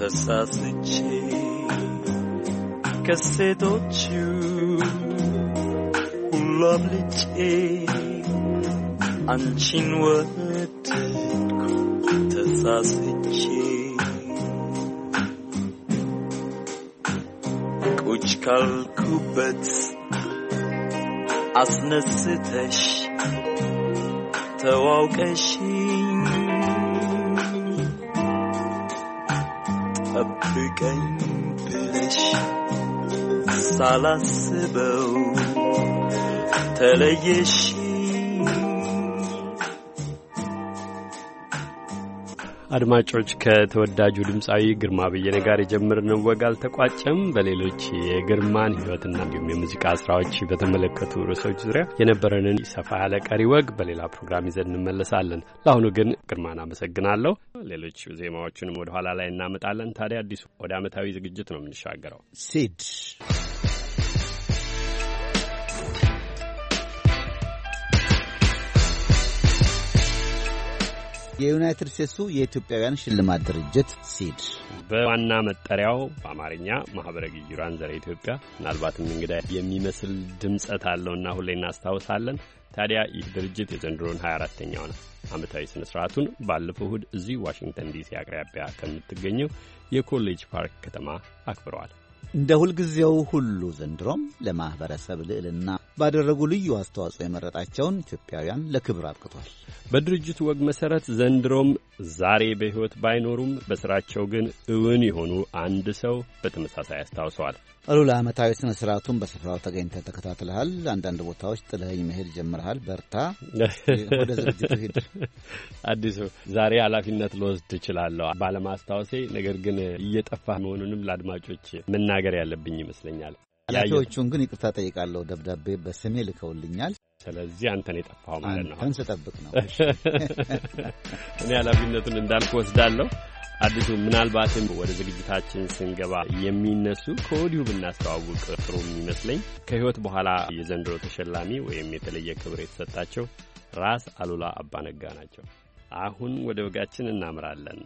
ተሳስቼ ከሴቶቹ ሁሉ አብልጬ አንቺን ወደድኩ ተሳስቼ ቁጭ ካልኩበት አስነስተሽ ተዋውቀሽኝ ጠብቀኝ ብለሽ ሳላስበው ተለየሽ አድማጮች ከተወዳጁ ድምፃዊ ግርማ በየነ ጋር የጀመርነው ወግ አልተቋጨም። በሌሎች የግርማን ሕይወትና እንዲሁም የሙዚቃ ስራዎች በተመለከቱ ርዕሶች ዙሪያ የነበረንን ሰፋ ያለ ቀሪ ወግ በሌላ ፕሮግራም ይዘን እንመለሳለን። ለአሁኑ ግን ግርማን አመሰግናለሁ። ሌሎች ዜማዎቹንም ወደ ኋላ ላይ እናመጣለን። ታዲያ አዲሱ ወደ አመታዊ ዝግጅት ነው የምንሻገረው ሲድ የዩናይትድ ስቴትሱ የኢትዮጵያውያን ሽልማት ድርጅት ሲድ በዋና መጠሪያው በአማርኛ ማህበረ ግዩራን ዘረ ኢትዮጵያ ምናልባትም እንግዳ የሚመስል ድምጸት አለውና ሁሌ እናስታውሳለን። ታዲያ ይህ ድርጅት የዘንድሮን 24ተኛው ነው ዓመታዊ ስነ ስርዓቱን ባለፈው እሁድ እዚህ ዋሽንግተን ዲሲ አቅራቢያ ከምትገኘው የኮሌጅ ፓርክ ከተማ አክብረዋል። እንደ ሁልጊዜው ሁሉ ዘንድሮም ለማኅበረሰብ ልዕልና ባደረጉ ልዩ አስተዋጽኦ የመረጣቸውን ኢትዮጵያውያን ለክብር አብቅቷል። በድርጅቱ ወግ መሠረት ዘንድሮም ዛሬ በሕይወት ባይኖሩም በሥራቸው ግን እውን የሆኑ አንድ ሰው በተመሳሳይ አስታውሰዋል። አሉላ ዓመታዊ ስነ ስርዓቱን በስፍራው ተገኝተ ተከታትለሃል። አንዳንድ ቦታዎች ጥለኸኝ መሄድ ጀምረሃል። በርታ፣ ወደ ዝግጅቱ ሂድ። አዲሱ ዛሬ ኃላፊነት ልወስድ እችላለሁ ባለማስታወሴ፣ ነገር ግን እየጠፋ መሆኑንም ለአድማጮች መናገር ያለብኝ ይመስለኛል። ኃላፊዎቹን ግን ይቅርታ ጠይቃለሁ። ደብዳቤ በስሜ ልከውልኛል። ስለዚህ አንተን የጠፋው ማለት ነው። አንተን ስጠብቅ ነው። እኔ ኃላፊነቱን እንዳልክ ወስዳለሁ። አዲሱ ምናልባትም ወደ ዝግጅታችን ስንገባ የሚነሱ ከወዲሁ ብናስተዋውቅ ጥሩ የሚመስለኝ ከህይወት በኋላ የዘንድሮ ተሸላሚ ወይም የተለየ ክብር የተሰጣቸው ራስ አሉላ አባነጋ ናቸው። አሁን ወደ ወጋችን እናምራለን።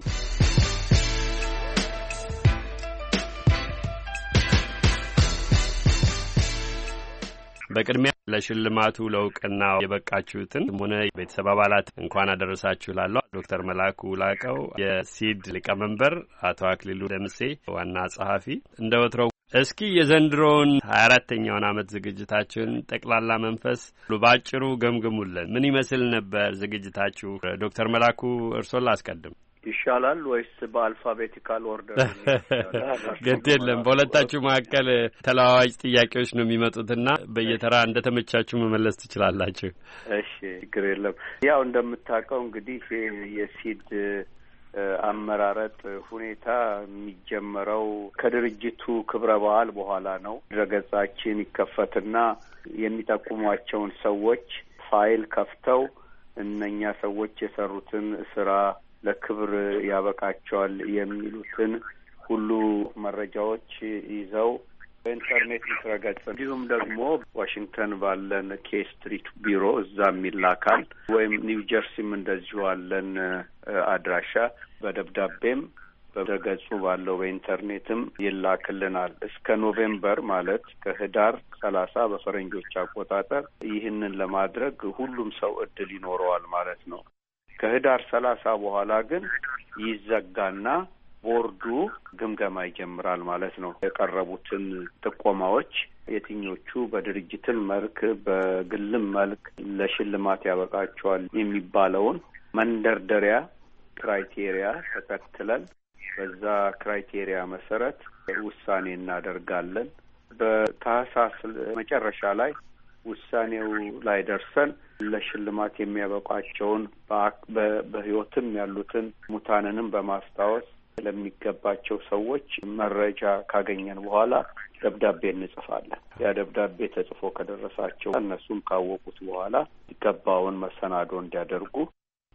በቅድሚያ ለሽልማቱ ለእውቅና የበቃችሁትን ሆነ ቤተሰብ አባላት እንኳን አደረሳችሁ ላለው ዶክተር መላኩ ላቀው የሲድ ሊቀመንበር፣ አቶ አክሊሉ ደምሴ ዋና ጸሐፊ፣ እንደ ወትረው እስኪ የዘንድሮውን ሀያ አራተኛውን ዓመት ዝግጅታችን ጠቅላላ መንፈስ በአጭሩ ገምግሙልን። ምን ይመስል ነበር ዝግጅታችሁ? ዶክተር መላኩ እርሶን ላስቀድም። ይሻላል ወይስ በአልፋቤቲካል ኦርደር? ግድ የለም በሁለታችሁ መካከል ተለዋዋጭ ጥያቄዎች ነው የሚመጡትና በየተራ እንደ ተመቻችሁ መመለስ ትችላላችሁ። እሺ፣ ችግር የለም። ያው እንደምታውቀው እንግዲህ የሲድ አመራረጥ ሁኔታ የሚጀመረው ከድርጅቱ ክብረ በዓል በኋላ ነው። ድረገጻችን ይከፈትና የሚጠቁሟቸውን ሰዎች ፋይል ከፍተው እነኛ ሰዎች የሰሩትን ስራ ለክብር ያበቃቸዋል የሚሉትን ሁሉ መረጃዎች ይዘው በኢንተርኔት ድረገጽ እንዲሁም ደግሞ ዋሽንግተን ባለን ኬ ስትሪት ቢሮ እዛም ይላካል። ወይም ኒው ጀርሲም እንደዚሁ አለን አድራሻ በደብዳቤም በድረገጹ ባለው በኢንተርኔትም ይላክልናል። እስከ ኖቬምበር ማለት ከህዳር ሰላሳ በፈረንጆች አቆጣጠር ይህንን ለማድረግ ሁሉም ሰው እድል ይኖረዋል ማለት ነው። ከህዳር ሰላሳ በኋላ ግን ይዘጋና ቦርዱ ግምገማ ይጀምራል ማለት ነው። የቀረቡትን ጥቆማዎች የትኞቹ በድርጅትም መልክ በግልም መልክ ለሽልማት ያበቃቸዋል የሚባለውን መንደርደሪያ ክራይቴሪያ ተከትለን በዛ ክራይቴሪያ መሰረት ውሳኔ እናደርጋለን። በታህሳስ መጨረሻ ላይ ውሳኔው ላይ ደርሰን ለሽልማት የሚያበቋቸውን በህይወትም ያሉትን ሙታንንም በማስታወስ ለሚገባቸው ሰዎች መረጃ ካገኘን በኋላ ደብዳቤ እንጽፋለን። ያ ደብዳቤ ተጽፎ ከደረሳቸው እነሱም ካወቁት በኋላ ይገባውን መሰናዶ እንዲያደርጉ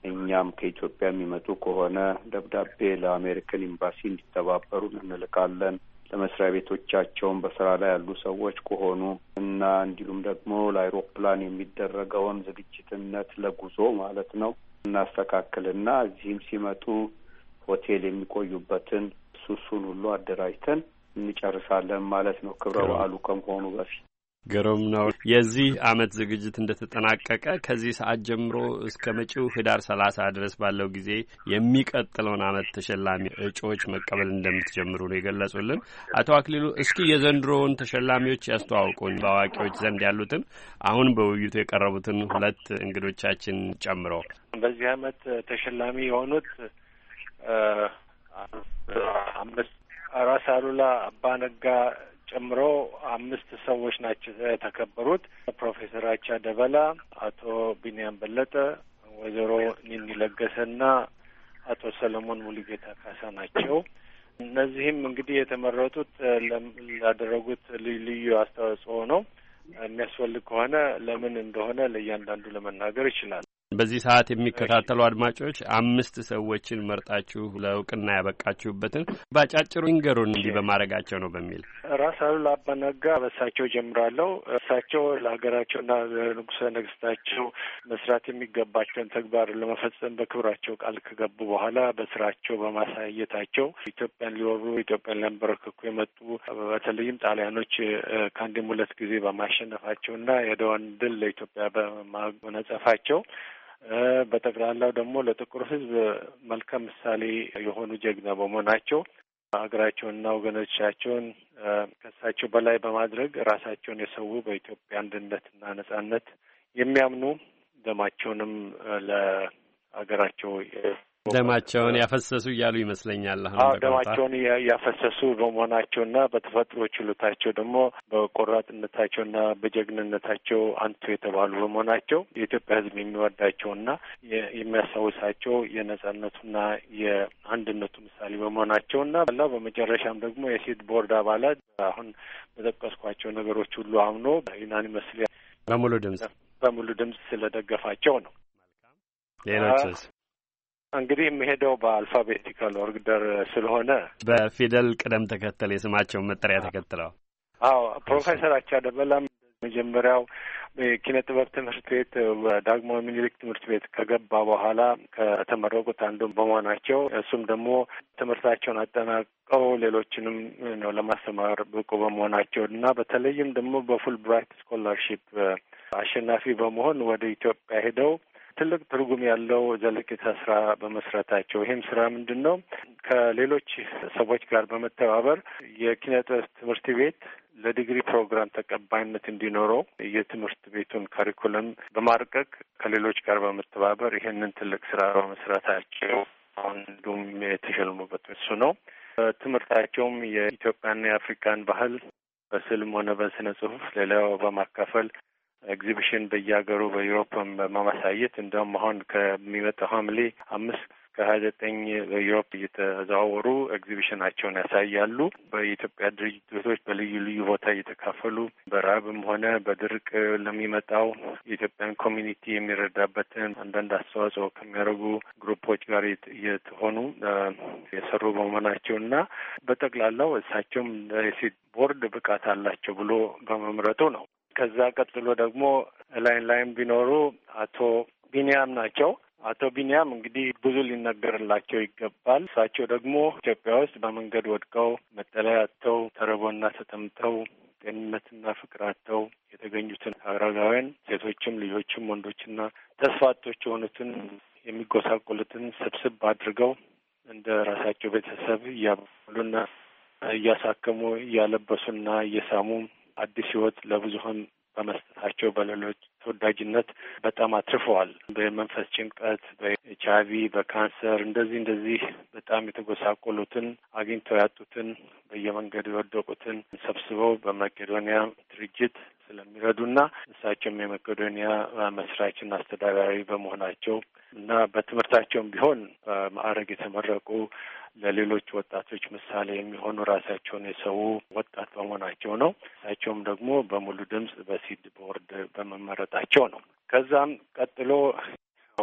እኛም ከኢትዮጵያ የሚመጡ ከሆነ ደብዳቤ ለአሜሪካን ኤምባሲ እንዲተባበሩን እንልካለን። መስሪያ ቤቶቻቸውን በስራ ላይ ያሉ ሰዎች ከሆኑ እና እንዲሁም ደግሞ ለአይሮፕላን የሚደረገውን ዝግጅትነት ለጉዞ ማለት ነው እናስተካክልና እዚህም ሲመጡ ሆቴል የሚቆዩበትን ሱሱን ሁሉ አደራጅተን እንጨርሳለን ማለት ነው። ክብረ በዓሉ ከመሆኑ በፊት ግሩም ነው። የዚህ አመት ዝግጅት እንደተጠናቀቀ ከዚህ ሰዓት ጀምሮ እስከ መጪው ህዳር ሰላሳ ድረስ ባለው ጊዜ የሚቀጥለውን አመት ተሸላሚ እጩዎች መቀበል እንደምትጀምሩ ነው የገለጹልን አቶ አክሊሉ። እስኪ የዘንድሮውን ተሸላሚዎች ያስተዋውቁን፣ በአዋቂዎች ዘንድ ያሉትን አሁን በውይይቱ የቀረቡትን ሁለት እንግዶቻችን ጨምሮ። በዚህ አመት ተሸላሚ የሆኑት አምስት ራስ አሉላ አባ ነጋ ጨምሮ አምስት ሰዎች ናቸው የተከበሩት። ፕሮፌሰር አቻ ደበላ፣ አቶ ቢንያም በለጠ፣ ወይዘሮ ኒኒ ለገሰና አቶ ሰለሞን ሙሉጌታ ካሳ ናቸው። እነዚህም እንግዲህ የተመረጡት ላደረጉት ልዩ ልዩ አስተዋጽኦ ነው። የሚያስፈልግ ከሆነ ለምን እንደሆነ ለእያንዳንዱ ለመናገር ይችላል። በዚህ ሰዓት የሚከታተሉ አድማጮች አምስት ሰዎችን መርጣችሁ ለእውቅና ያበቃችሁበትን ባጫጭሩ ይንገሩን። እንዲህ በማድረጋቸው ነው በሚል ራስ አሉላ አባ ነጋ በሳቸው ጀምራለሁ። እሳቸው ለሀገራቸውና ለንጉሰ ነግስታቸው መስራት የሚገባቸውን ተግባር ለመፈጸም በክብራቸው ቃል ከገቡ በኋላ በስራቸው በማሳየታቸው ኢትዮጵያን ሊወሩ ኢትዮጵያን ሊያንበረከኩ የመጡ በተለይም ጣሊያኖች ከአንድም ሁለት ጊዜ በማሸነፋቸውና የደዋን ድል ለኢትዮጵያ በማጎናጸፋቸው በጠቅላላው ደግሞ ለጥቁር ሕዝብ መልካም ምሳሌ የሆኑ ጀግና በመሆናቸው ሀገራቸውንና ወገኖቻቸውን ከሳቸው በላይ በማድረግ ራሳቸውን የሰው በኢትዮጵያ አንድነትና ነጻነት የሚያምኑ ደማቸውንም ለሀገራቸው ደማቸውን ያፈሰሱ እያሉ ይመስለኛል። አሁን ደማቸውን ያፈሰሱ በመሆናቸውና በተፈጥሮ ችሎታቸው ደግሞ በቆራጥነታቸውና በጀግንነታቸው አንቱ የተባሉ በመሆናቸው የኢትዮጵያ ሕዝብ የሚወዳቸውና የሚያስታውሳቸው የነጻነቱና የአንድነቱ ምሳሌ በመሆናቸውና ላ በመጨረሻም ደግሞ የሴት ቦርድ አባላት አሁን በጠቀስኳቸው ነገሮች ሁሉ አምኖ ይመስል በሙሉ ድምጽ በሙሉ ድምጽ ስለደገፋቸው ነው። ሌሎችስ እንግዲህ የምሄደው በአልፋቤቲካል ኦርግደር ስለሆነ በፊደል ቅደም ተከተል የስማቸውን መጠሪያ ተከትለው። አዎ ፕሮፌሰር አቻ መጀመሪያው የኪነ ጥበብ ትምህርት ቤት ዳግሞ ሚኒሊክ ትምህርት ቤት ከገባ በኋላ ከተመረቁት አንዱ በመሆናቸው እሱም ደግሞ ትምህርታቸውን አጠናቀው ሌሎችንም ነው ለማስተማር ብቁ በመሆናቸው እና በተለይም ደግሞ በፉል ብራይት ስኮላርሺፕ አሸናፊ በመሆን ወደ ኢትዮጵያ ሄደው ትልቅ ትርጉም ያለው ዘለቂታ ስራ በመስራታቸው ይህም ስራ ምንድን ነው? ከሌሎች ሰዎች ጋር በመተባበር የኪነጥበብ ትምህርት ቤት ለዲግሪ ፕሮግራም ተቀባይነት እንዲኖረው የትምህርት ቤቱን ካሪኩለም በማርቀቅ ከሌሎች ጋር በመተባበር ይህንን ትልቅ ስራ በመስራታቸው አንዱም የተሸለሙበት እሱ ነው። ትምህርታቸውም የኢትዮጵያና የአፍሪካን ባህል በስልም ሆነ በስነ ጽሁፍ ሌላው በማካፈል ኤግዚቢሽን በየሀገሩ በዩሮፕም በማሳየት እንደውም አሁን ከሚመጣው ሐምሌ አምስት ከሀያ ዘጠኝ በዩሮፕ እየተዘዋወሩ ኤግዚቢሽናቸውን ያሳያሉ። በኢትዮጵያ ድርጅቶች በልዩ ልዩ ቦታ እየተካፈሉ በረሀብም ሆነ በድርቅ ለሚመጣው የኢትዮጵያን ኮሚኒቲ የሚረዳበትን አንዳንድ አስተዋጽኦ ከሚያደርጉ ግሩፖች ጋር እየተሆኑ የሰሩ በመሆናቸው እና በጠቅላላው እሳቸውም የሴት ቦርድ ብቃት አላቸው ብሎ በመምረጡ ነው። ከዛ ቀጥሎ ደግሞ ላይን ላይም ቢኖሩ አቶ ቢንያም ናቸው። አቶ ቢንያም እንግዲህ ብዙ ሊነገርላቸው ይገባል። እሳቸው ደግሞ ኢትዮጵያ ውስጥ በመንገድ ወድቀው መጠለያ አጥተው ተርበውና ተጠምተው ጤንነትና ፍቅር አጥተው የተገኙትን አረጋውያን ሴቶችም፣ ልጆችም፣ ወንዶችና ተስፋ አጦች የሆኑትን የሚጎሳቆሉትን ስብስብ አድርገው እንደ ራሳቸው ቤተሰብ እያበሉና እያሳከሙ እያለበሱና እየሳሙ አዲስ ህይወት ለብዙሀን በመስጠታቸው በሌሎች ተወዳጅነት በጣም አትርፈዋል። በመንፈስ ጭንቀት፣ በኤች አይቪ፣ በካንሰር እንደዚህ እንደዚህ በጣም የተጎሳቆሉትን አግኝተው ያጡትን በየመንገዱ የወደቁትን ሰብስበው በመቄዶኒያ ድርጅት ስለሚረዱና እሳቸውም የመቄዶኒያ መስራችና አስተዳዳሪ በመሆናቸው እና በትምህርታቸውም ቢሆን በማዕረግ የተመረቁ ለሌሎች ወጣቶች ምሳሌ የሚሆኑ ራሳቸውን የሰው ወጣት በመሆናቸው ነው። እሳቸውም ደግሞ በሙሉ ድምፅ በሲድ ቦርድ በመመረጣቸው ነው። ከዛም ቀጥሎ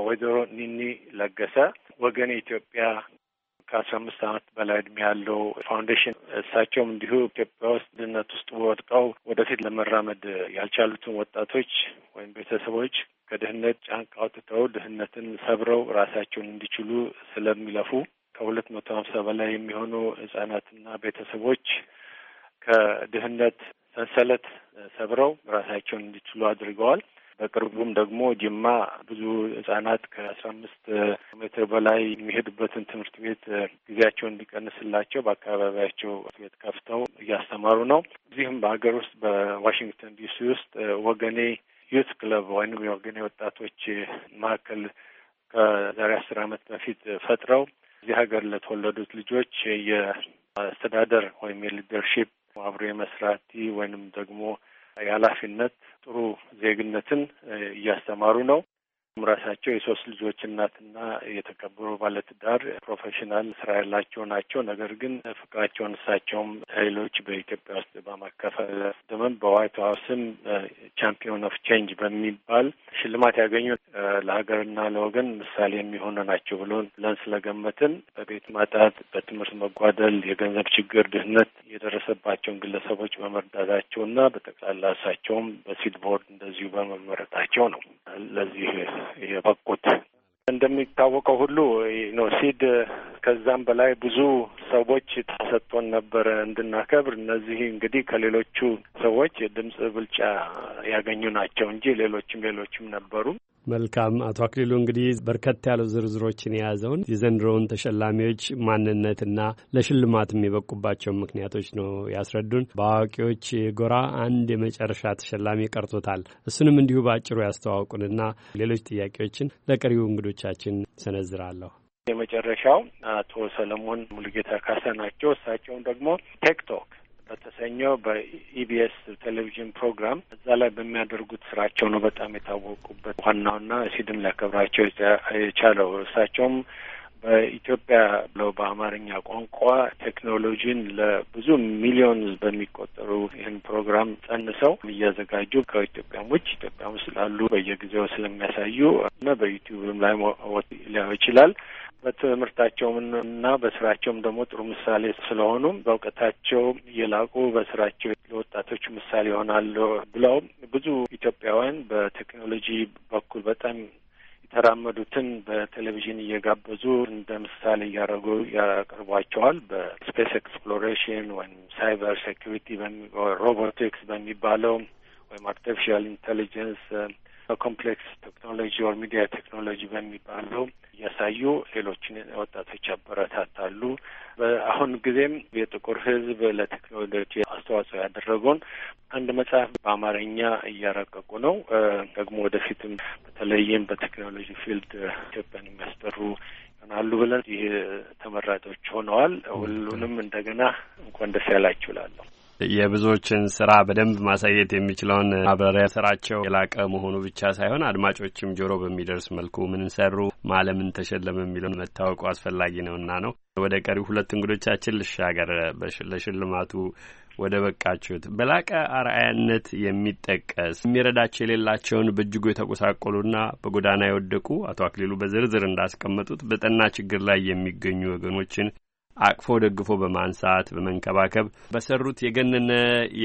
ወይዘሮ ኒኒ ለገሰ ወገን ኢትዮጵያ ከአስራ አምስት ዓመት በላይ እድሜ ያለው ፋውንዴሽን እሳቸውም እንዲሁ ኢትዮጵያ ውስጥ ድህነት ውስጥ ወድቀው ወደፊት ለመራመድ ያልቻሉትን ወጣቶች ወይም ቤተሰቦች ከድህነት ጫንቃ አውጥተው ድህነትን ሰብረው ራሳቸውን እንዲችሉ ስለሚለፉ ከሁለት መቶ ሀምሳ በላይ የሚሆኑ ህጻናትና ቤተሰቦች ከድህነት ሰንሰለት ሰብረው ራሳቸውን እንዲችሉ አድርገዋል። በቅርቡም ደግሞ ጅማ ብዙ ህጻናት ከአስራ አምስት ሜትር በላይ የሚሄዱበትን ትምህርት ቤት ጊዜያቸው እንዲቀንስላቸው በአካባቢያቸው ቤት ከፍተው እያስተማሩ ነው። እዚህም በሀገር ውስጥ በዋሽንግተን ዲሲ ውስጥ ወገኔ ዩት ክለብ ወይም የወገኔ ወጣቶች ማዕከል ከዛሬ አስር አመት በፊት ፈጥረው እዚህ ሀገር ለተወለዱት ልጆች የአስተዳደር ወይም የሊደርሺፕ አብሮ የመስራት ወይንም ደግሞ የኃላፊነት ጥሩ ዜግነትን እያስተማሩ ነው። ራሳቸው የሶስት ልጆች እናትና የተከበሩ ባለትዳር ፕሮፌሽናል ስራ ያላቸው ናቸው። ነገር ግን ፍቅራቸውን እሳቸውም ኃይሎች በኢትዮጵያ ውስጥ በማካፈል ደመን በዋይት ሀውስም ቻምፒዮን ኦፍ ቼንጅ በሚባል ሽልማት ያገኙ ለሀገርና ለወገን ምሳሌ የሚሆኑ ናቸው ብሎ ብለን ስለገመትን በቤት ማጣት፣ በትምህርት መጓደል፣ የገንዘብ ችግር፣ ድህነት የደረሰባቸውን ግለሰቦች በመርዳታቸውና በጠቅላላ እሳቸውም በሲድ ቦርድ እንደዚሁ በመመረጣቸው ነው ለዚህ የበቁት። እንደሚታወቀው ሁሉ ነው ሲድ ከዛም በላይ ብዙ ሰዎች ተሰጥቶን ነበረ እንድናከብር። እነዚህ እንግዲህ ከሌሎቹ ሰዎች የድምፅ ብልጫ ያገኙ ናቸው እንጂ ሌሎችም ሌሎችም ነበሩ። መልካም አቶ አክሊሉ እንግዲህ በርከት ያሉ ዝርዝሮችን የያዘውን የዘንድሮውን ተሸላሚዎች ማንነትና ለሽልማት የሚበቁባቸው ምክንያቶች ነው ያስረዱን። በአዋቂዎች ጎራ አንድ የመጨረሻ ተሸላሚ ቀርቶታል። እሱንም እንዲሁ በአጭሩ ያስተዋውቁንና ሌሎች ጥያቄዎችን ለቀሪው እንግዶቻችን ሰነዝራለሁ። የመጨረሻው አቶ ሰለሞን ሙሉጌታ ካሳ ናቸው። እሳቸውን ደግሞ ቴክቶክ በተሰኘው በኢቢኤስ ቴሌቪዥን ፕሮግራም እዛ ላይ በሚያደርጉት ስራቸው ነው በጣም የታወቁበት ዋናውና ሲድም ሊያከብራቸው የቻለው እሳቸውም በኢትዮጵያ ለው በአማርኛ ቋንቋ ቴክኖሎጂን ለብዙ ሚሊዮን በሚቆጠሩ ይህን ፕሮግራም ጸንሰው እያዘጋጁ ከኢትዮጵያም ውጭ ኢትዮጵያም ውስጥ ላሉ በየጊዜው ስለሚያሳዩ እና በዩቲዩብም ላይ ሊያው ይችላል በትምህርታቸውም እና በስራቸውም ደግሞ ጥሩ ምሳሌ ስለሆኑ በእውቀታቸው የላቁ በስራቸው ለወጣቶች ምሳሌ ይሆናሉ ብለው ብዙ ኢትዮጵያውያን በቴክኖሎጂ በኩል በጣም የተራመዱትን በቴሌቪዥን እየጋበዙ እንደ ምሳሌ እያደረጉ ያቀርቧቸዋል። በስፔስ ኤክስፕሎሬሽን ወይም ሳይበር ሴኪሪቲ፣ ሮቦቲክስ በሚባለው ወይም አርቲፊሻል ኢንቴሊጀንስ በኮምፕሌክስ ቴክኖሎጂ ኦር ሚዲያ ቴክኖሎጂ በሚባለው እያሳዩ ሌሎችን ወጣቶች ያበረታታሉ። በአሁን ጊዜም የጥቁር ሕዝብ ለቴክኖሎጂ አስተዋጽኦ ያደረገውን አንድ መጽሐፍ በአማርኛ እያረቀቁ ነው። ደግሞ ወደፊትም በተለይም በቴክኖሎጂ ፊልድ ኢትዮጵያን የሚያስጠሩ ይሆናሉ ብለን ይህ ተመራጮች ሆነዋል። ሁሉንም እንደገና እንኳን ደስ ያላችሁ እላለሁ። የብዙዎችን ስራ በደንብ ማሳየት የሚችለውን ማብራሪያ ስራቸው የላቀ መሆኑ ብቻ ሳይሆን አድማጮችም ጆሮ በሚደርስ መልኩ ምን ሰሩ፣ ማለምን ተሸለመ የሚለውን መታወቁ አስፈላጊ ነውና ነው። ወደ ቀሪው ሁለት እንግዶቻችን ልሻገር። ለሽልማቱ ወደ በቃችሁት በላቀ አርአያነት የሚጠቀስ የሚረዳቸው የሌላቸውን በእጅጉ የተቆሳቆሉና በጎዳና የወደቁ አቶ አክሊሉ በዝርዝር እንዳስቀመጡት በጠና ችግር ላይ የሚገኙ ወገኖችን አቅፎ ደግፎ በማንሳት በመንከባከብ በሰሩት የገነነ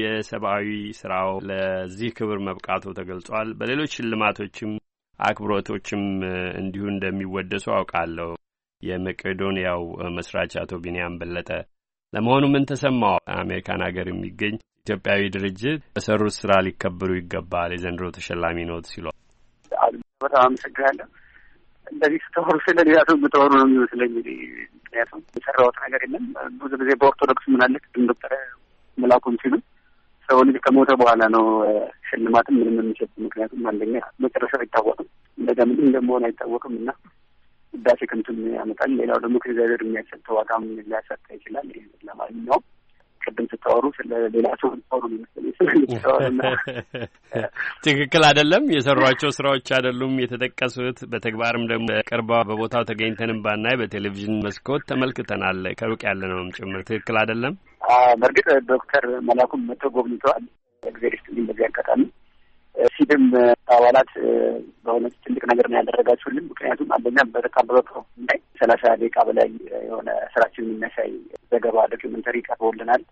የሰብአዊ ስራው ለዚህ ክብር መብቃቱ ተገልጿል። በሌሎች ሽልማቶችም አክብሮቶችም እንዲሁ እንደሚወደሱ አውቃለሁ። የመቄዶንያው መስራች አቶ ቢንያም በለጠ ለመሆኑ ምን ተሰማው? አሜሪካን ሀገር የሚገኝ ኢትዮጵያዊ ድርጅት በሰሩት ስራ ሊከበሩ ይገባል፣ የዘንድሮ ተሸላሚ ኖት ሲሏል። በጣም አመሰግናለሁ። እንደዚህ ስተወሩ ስለ ሌላ ሰው የምተወሩ ነው የሚመስለኝ። እንግዲህ ምክንያቱም የሰራሁት ነገር የለም። ብዙ ጊዜ በኦርቶዶክስ ምናለች ዶክተር መላኩም ሲሉ ሰው ልጅ ከሞተ በኋላ ነው ሽልማትም ምንም የሚሰጥ። ምክንያቱም አንደኛ መጨረሻው አይታወቅም፣ እንደዛ ምንም እንደመሆን አይታወቅም እና ውዳሴ ከንቱም ያመጣል። ሌላው ደግሞ ከእግዚአብሔር የሚያሰጥ ዋጋም ሊያሰጥ ይችላል። ለማንኛውም ቅድም ስታወሩ ስለሌላ ሰው ስታወሩ ትክክል አይደለም። የሰሯቸው ስራዎች አይደሉም የተጠቀሱት። በተግባርም ደግሞ ቅርባ በቦታው ተገኝተንም ባናይ በቴሌቪዥን መስኮት ተመልክተናል። ከሩቅ ያለ ነውም ጭምር ትክክል አይደለም። በእርግጥ ዶክተር መላኩም መጥተው ጎብኝተዋል። እግዚአብሔር ይስጥልኝ በዚህ አጋጣሚ ሲድም አባላት በእውነት ትልቅ ነገር ነው ያደረጋችሁልን። ምክንያቱም አንደኛ በተካ በፕሮግራም ላይ ሰላሳ ደቂቃ በላይ የሆነ ስራችን የሚያሳይ ዘገባ ዶኪመንተሪ ቀርቦልናል።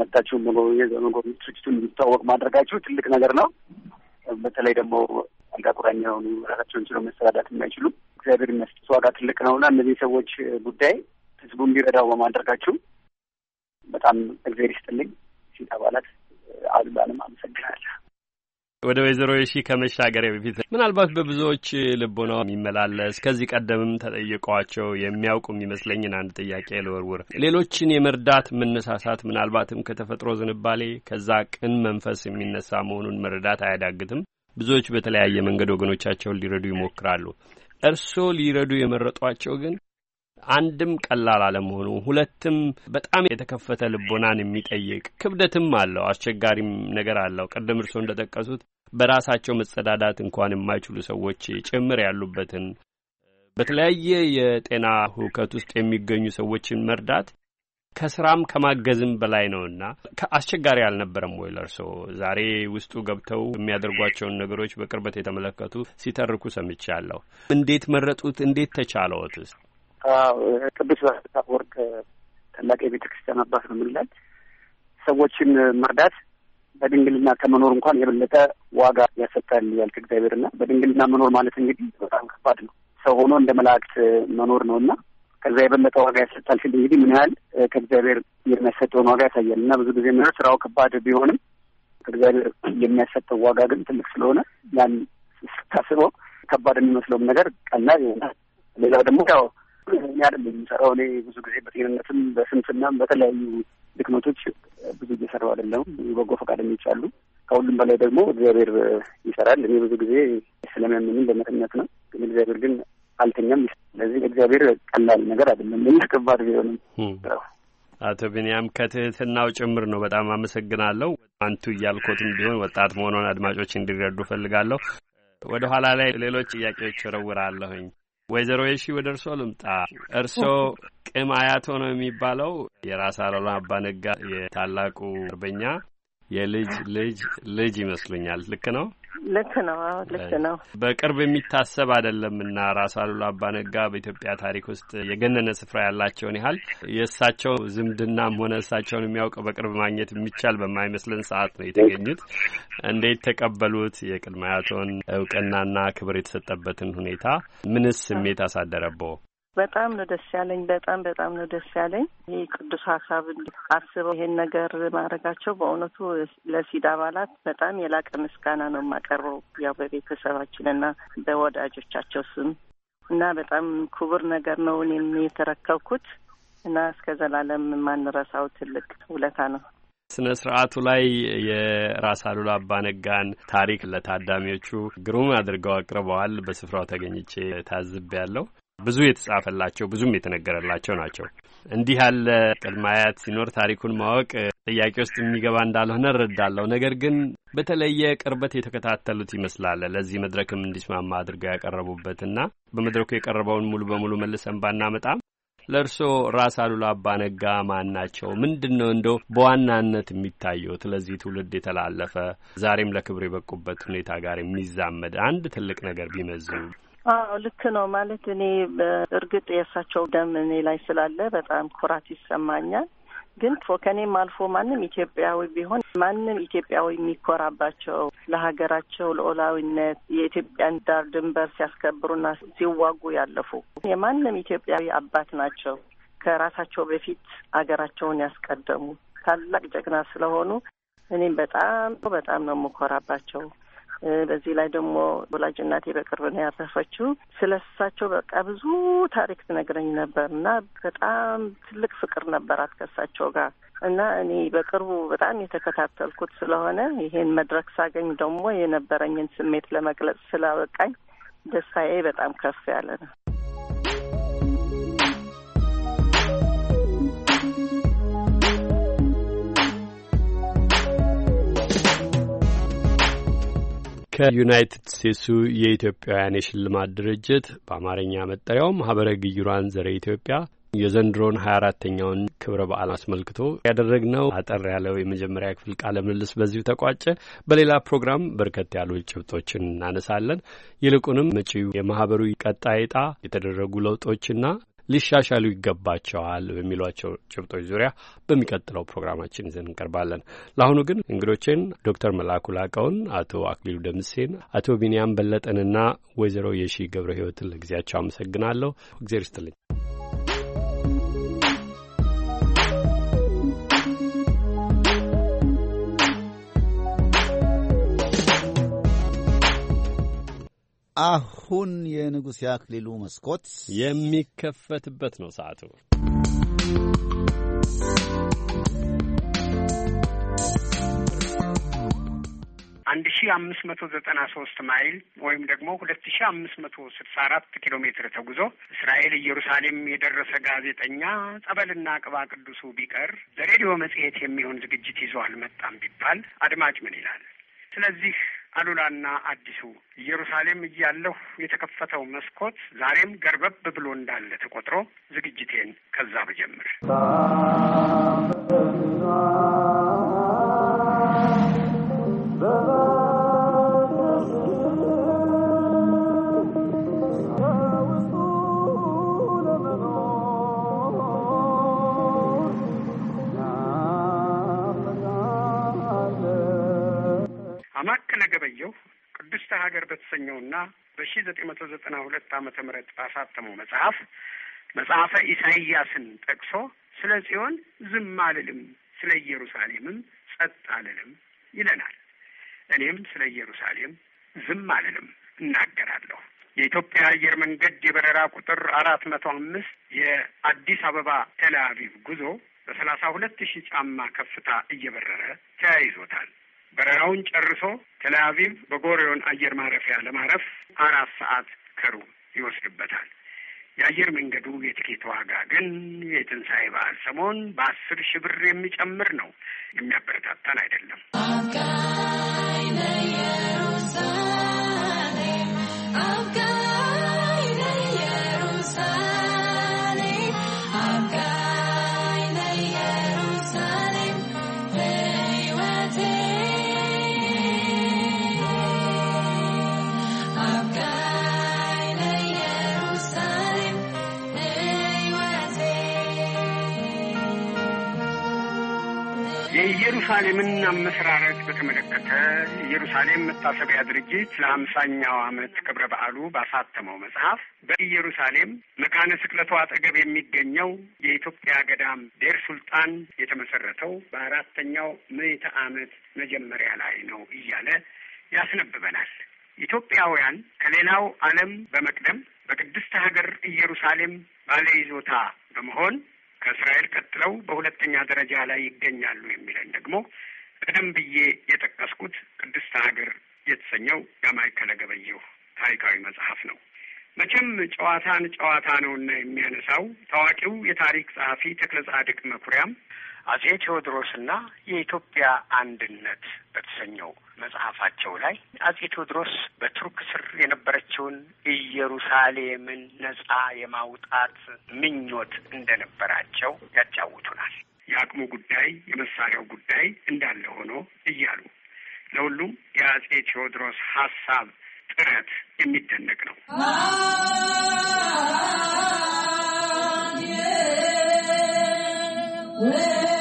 መታችሁ መጎብኘት በመጎብኘት ድርጅቱን እንዲታወቅ ማድረጋችሁ ትልቅ ነገር ነው። በተለይ ደግሞ አልጋ ቁራኛ የሆኑ ራሳቸውን ችለው መሰዳዳት የማይችሉ እግዚአብሔር የሚያስጡት ዋጋ ትልቅ ነው እና እነዚህ ሰዎች ጉዳይ ህዝቡ እንዲረዳው በማድረጋችሁ በጣም እግዚአብሔር ይስጥልኝ ሲት አባላት አሉላንም አመሰግናለሁ። ወደ ወይዘሮ የሺ ከመሻገር በፊት ምናልባት በብዙዎች ልቦና የሚመላለስ ከዚህ ቀደምም ተጠይቋቸው የሚያውቁ የሚመስለኝን አንድ ጥያቄ ልወርውር። ሌሎችን የመርዳት መነሳሳት ምናልባትም ከተፈጥሮ ዝንባሌ ከዛ ቅን መንፈስ የሚነሳ መሆኑን መረዳት አያዳግትም። ብዙዎች በተለያየ መንገድ ወገኖቻቸውን ሊረዱ ይሞክራሉ። እርስዎ ሊረዱ የመረጧቸው ግን አንድም ቀላል አለመሆኑ፣ ሁለትም በጣም የተከፈተ ልቦናን የሚጠይቅ ክብደትም አለው፣ አስቸጋሪም ነገር አለው። ቅድም እርስዎ እንደጠቀሱት በራሳቸው መጸዳዳት እንኳን የማይችሉ ሰዎች ጭምር ያሉበትን በተለያየ የጤና ሁከት ውስጥ የሚገኙ ሰዎችን መርዳት ከስራም ከማገዝም በላይ ነውና አስቸጋሪ አልነበረም ወይ ለእርስዎ? ዛሬ ውስጡ ገብተው የሚያደርጓቸውን ነገሮች በቅርበት የተመለከቱ ሲተርኩ ሰምቻለሁ። እንዴት መረጡት? እንዴት ተቻለዎት? ቅዱስ ባልታ ወርቅ ታላቅ የቤተ ክርስቲያን አባት ነው የምንላል። ሰዎችን መርዳት በድንግልና ከመኖር እንኳን የበለጠ ዋጋ ያሰጣል ያልክ እግዚአብሔርና በድንግልና መኖር ማለት እንግዲህ በጣም ከባድ ነው። ሰው ሆኖ እንደ መላእክት መኖር ነው እና ከዛ የበለጠ ዋጋ ያሰጣል ሲል እንግዲህ ምን ያህል ከእግዚአብሔር የሚያሰጠውን ዋጋ ያሳያል እና ብዙ ጊዜ ምና ስራው ከባድ ቢሆንም ከእግዚአብሔር የሚያሰጠው ዋጋ ግን ትልቅ ስለሆነ ያን ስታስበው ከባድ የሚመስለውም ነገር ቀላል ይሆናል። ሌላው ደግሞ ያው እኛ አይደለም የሚሰራው። እኔ ብዙ ጊዜ በጤንነትም በስንትናም በተለያዩ ድክመቶች ብዙ እየሰራው አይደለም። በጎ ፈቃደኞች አሉ። ከሁሉም በላይ ደግሞ እግዚአብሔር ይሰራል። እኔ ብዙ ጊዜ ስለሚያምንም በመተኛት ነው። ግን እግዚአብሔር ግን አልተኛም። ስለዚህ እግዚአብሔር ቀላል ነገር አይደለም። ለኛ ከባድ ቢሆንም ስራው አቶ ቢንያም ከትህትናው ጭምር ነው። በጣም አመሰግናለሁ። አንቱ እያልኮትም ቢሆን ወጣት መሆኗን አድማጮች እንዲረዱ ፈልጋለሁ። ወደ ኋላ ላይ ሌሎች ጥያቄዎች እረውራለሁኝ። ወይዘሮ የሺ ወደ እርሶ ልምጣ። እርሶ ቅም አያቶ ነው የሚባለው የራስ አሉላ አባነጋ የታላቁ አርበኛ የልጅ ልጅ ልጅ ይመስሉኛል። ልክ ነው? ልክ ነው። አዎ ልክ ነው። በቅርብ የሚታሰብ አይደለም እና ራስ አሉላ አባነጋ በኢትዮጵያ ታሪክ ውስጥ የገነነ ስፍራ ያላቸውን ያህል የእሳቸው ዝምድናም ሆነ እሳቸውን የሚያውቅ በቅርብ ማግኘት የሚቻል በማይመስለን ሰዓት ነው የተገኙት። እንዴት ተቀበሉት? የቅድመ አያቶን እውቅናና ክብር የተሰጠበትን ሁኔታ ምንስ ስሜት አሳደረበው? በጣም ነው ደስ ያለኝ። በጣም በጣም ነው ደስ ያለኝ። ይህ ቅዱስ ሀሳብ አስበው ይሄን ነገር ማድረጋቸው በእውነቱ ለሲድ አባላት በጣም የላቀ ምስጋና ነው የማቀርበው ያው በቤተሰባችንና በወዳጆቻቸው ስም እና በጣም ክቡር ነገር ነው እኔም የተረከብኩት እና እስከ ዘላለም የማንረሳው ትልቅ ውለታ ነው። ስነ ስርዓቱ ላይ የራስ አሉላ አባነጋን ታሪክ ለታዳሚዎቹ ግሩም አድርገው አቅርበዋል። በስፍራው ተገኝቼ ታዝቤ ያለው ብዙ የተጻፈላቸው ብዙም የተነገረላቸው ናቸው። እንዲህ ያለ ቅድመ አያት ሲኖር ታሪኩን ማወቅ ጥያቄ ውስጥ የሚገባ እንዳልሆነ እረዳለሁ። ነገር ግን በተለየ ቅርበት የተከታተሉት ይመስላል ለዚህ መድረክም እንዲስማማ አድርገው ያቀረቡበትና በመድረኩ የቀረበውን ሙሉ በሙሉ መልሰን ባናመጣም ለእርስዎ ራስ አሉላ አባነጋ ማን ናቸው? ምንድን ነው እንደው በዋናነት የሚታየው ለዚህ ትውልድ የተላለፈ ዛሬም ለክብር የበቁበት ሁኔታ ጋር የሚዛመድ አንድ ትልቅ ነገር ቢመዝኑ አዎ ልክ ነው። ማለት እኔ በእርግጥ የእርሳቸው ደም እኔ ላይ ስላለ በጣም ኩራት ይሰማኛል። ግን ከኔም አልፎ ማንም ኢትዮጵያዊ ቢሆን ማንም ኢትዮጵያዊ የሚኮራባቸው ለሀገራቸው ለኦላዊነት የኢትዮጵያን ዳር ድንበር ሲያስከብሩና ሲዋጉ ያለፉ የማንም ኢትዮጵያዊ አባት ናቸው። ከራሳቸው በፊት አገራቸውን ያስቀደሙ ታላቅ ጀግና ስለሆኑ እኔም በጣም በጣም ነው የምኮራባቸው። በዚህ ላይ ደግሞ ወላጅ እናቴ በቅርብ ነው ያረፈችው። ስለ እሳቸው በቃ ብዙ ታሪክ ትነግረኝ ነበር እና በጣም ትልቅ ፍቅር ነበራት ከእሳቸው ጋር እና እኔ በቅርቡ በጣም የተከታተልኩት ስለሆነ ይሄን መድረክ ሳገኝ ደግሞ የነበረኝን ስሜት ለመግለጽ ስላበቃኝ ደስታዬ በጣም ከፍ ያለ ነው። ከዩናይትድ ስቴትሱ የኢትዮጵያውያን የሽልማት ድርጅት በአማርኛ መጠሪያው ማህበረ ግዩራን ዘረ ኢትዮጵያ የዘንድሮን ሀያ አራተኛውን ክብረ በዓል አስመልክቶ ያደረግነው አጠር ያለው የመጀመሪያ ክፍል ቃለ ምልልስ በዚሁ ተቋጨ። በሌላ ፕሮግራም በርከት ያሉ ጭብጦችን እናነሳለን። ይልቁንም መጪው የማህበሩ ቀጣይ ዕጣ የተደረጉ ለውጦችና ሊሻሻሉ ይገባቸዋል በሚሏቸው ጭብጦች ዙሪያ በሚቀጥለው ፕሮግራማችን ይዘን እንቀርባለን። ለአሁኑ ግን እንግዶችን ዶክተር መላኩ ላቀውን፣ አቶ አክሊሉ ደምሴን፣ አቶ ቢንያም በለጠንና ወይዘሮ የሺ ገብረ ህይወትን ለጊዜያቸው አመሰግናለሁ። እግዜር ይስጥልኝ። አሁን የንጉሥ አክሊሉ መስኮት የሚከፈትበት ነው ሰዓቱ። አንድ ሺ አምስት መቶ ዘጠና ሶስት ማይል ወይም ደግሞ ሁለት ሺ አምስት መቶ ስልሳ አራት ኪሎ ሜትር ተጉዞ እስራኤል ኢየሩሳሌም የደረሰ ጋዜጠኛ ጸበልና ቅባ ቅዱሱ ቢቀር ለሬዲዮ መጽሔት የሚሆን ዝግጅት ይዞ አልመጣም ቢባል አድማጭ ምን ይላል? ስለዚህ አሉላና አዲሱ ኢየሩሳሌም እያለሁ የተከፈተው መስኮት ዛሬም ገርበብ ብሎ እንዳለ ተቆጥሮ ዝግጅቴን ከዛ ብጀምር ሀገር በተሰኘውና በሺ ዘጠኝ መቶ ዘጠና ሁለት ዓመተ ምህረት ባሳተመው መጽሐፍ መጽሐፈ ኢሳይያስን ጠቅሶ ስለ ጽዮን ዝም አልልም፣ ስለ ኢየሩሳሌምም ጸጥ አልልም ይለናል። እኔም ስለ ኢየሩሳሌም ዝም አልልም እናገራለሁ። የኢትዮጵያ አየር መንገድ የበረራ ቁጥር አራት መቶ አምስት የአዲስ አበባ ቴል አቪቭ ጉዞ በሰላሳ ሁለት ሺህ ጫማ ከፍታ እየበረረ ተያይዞታል። በረራውን ጨርሶ ቴል በጎሬዮን በጎሪዮን አየር ማረፊያ ለማረፍ አራት ሰዓት ከሩብ ይወስድበታል። የአየር መንገዱ የትኬት ዋጋ ግን የትንሣኤ በዓል ሰሞን በአስር ሺህ ብር የሚጨምር ነው። የሚያበረታታን አይደለም። የኢየሩሳሌምና መስራረት በተመለከተ ኢየሩሳሌም መታሰቢያ ድርጅት ለአምሳኛው ዓመት ክብረ በዓሉ ባሳተመው መጽሐፍ በኢየሩሳሌም መካነ ስቅለቱ አጠገብ የሚገኘው የኢትዮጵያ ገዳም ዴር ሱልጣን የተመሰረተው በአራተኛው ምዕተ ዓመት መጀመሪያ ላይ ነው እያለ ያስነብበናል። ኢትዮጵያውያን ከሌላው ዓለም በመቅደም በቅድስት ሀገር ኢየሩሳሌም ባለይዞታ በመሆን ከእስራኤል ቀጥለው በሁለተኛ ደረጃ ላይ ይገኛሉ የሚል ደግሞ ቀደም ብዬ የጠቀስኩት ቅድስተ ሀገር የተሰኘው የማይከለ ገበየሁ ታሪካዊ መጽሐፍ ነው። መቼም ጨዋታን ጨዋታ ነውና የሚያነሳው ታዋቂው የታሪክ ጸሐፊ ተክለ ጻድቅ መኩሪያም አጼ ቴዎድሮስና የኢትዮጵያ አንድነት በተሰኘው መጽሐፋቸው ላይ አጼ ቴዎድሮስ በቱርክ ስር የነበረችውን ኢየሩሳሌምን ነጻ የማውጣት ምኞት እንደነበራቸው ያጫውቱናል። የአቅሙ ጉዳይ፣ የመሳሪያው ጉዳይ እንዳለ ሆኖ እያሉ ለሁሉም የአጼ ቴዎድሮስ ሀሳብ ጥረት የሚደነቅ ነው። Yeah.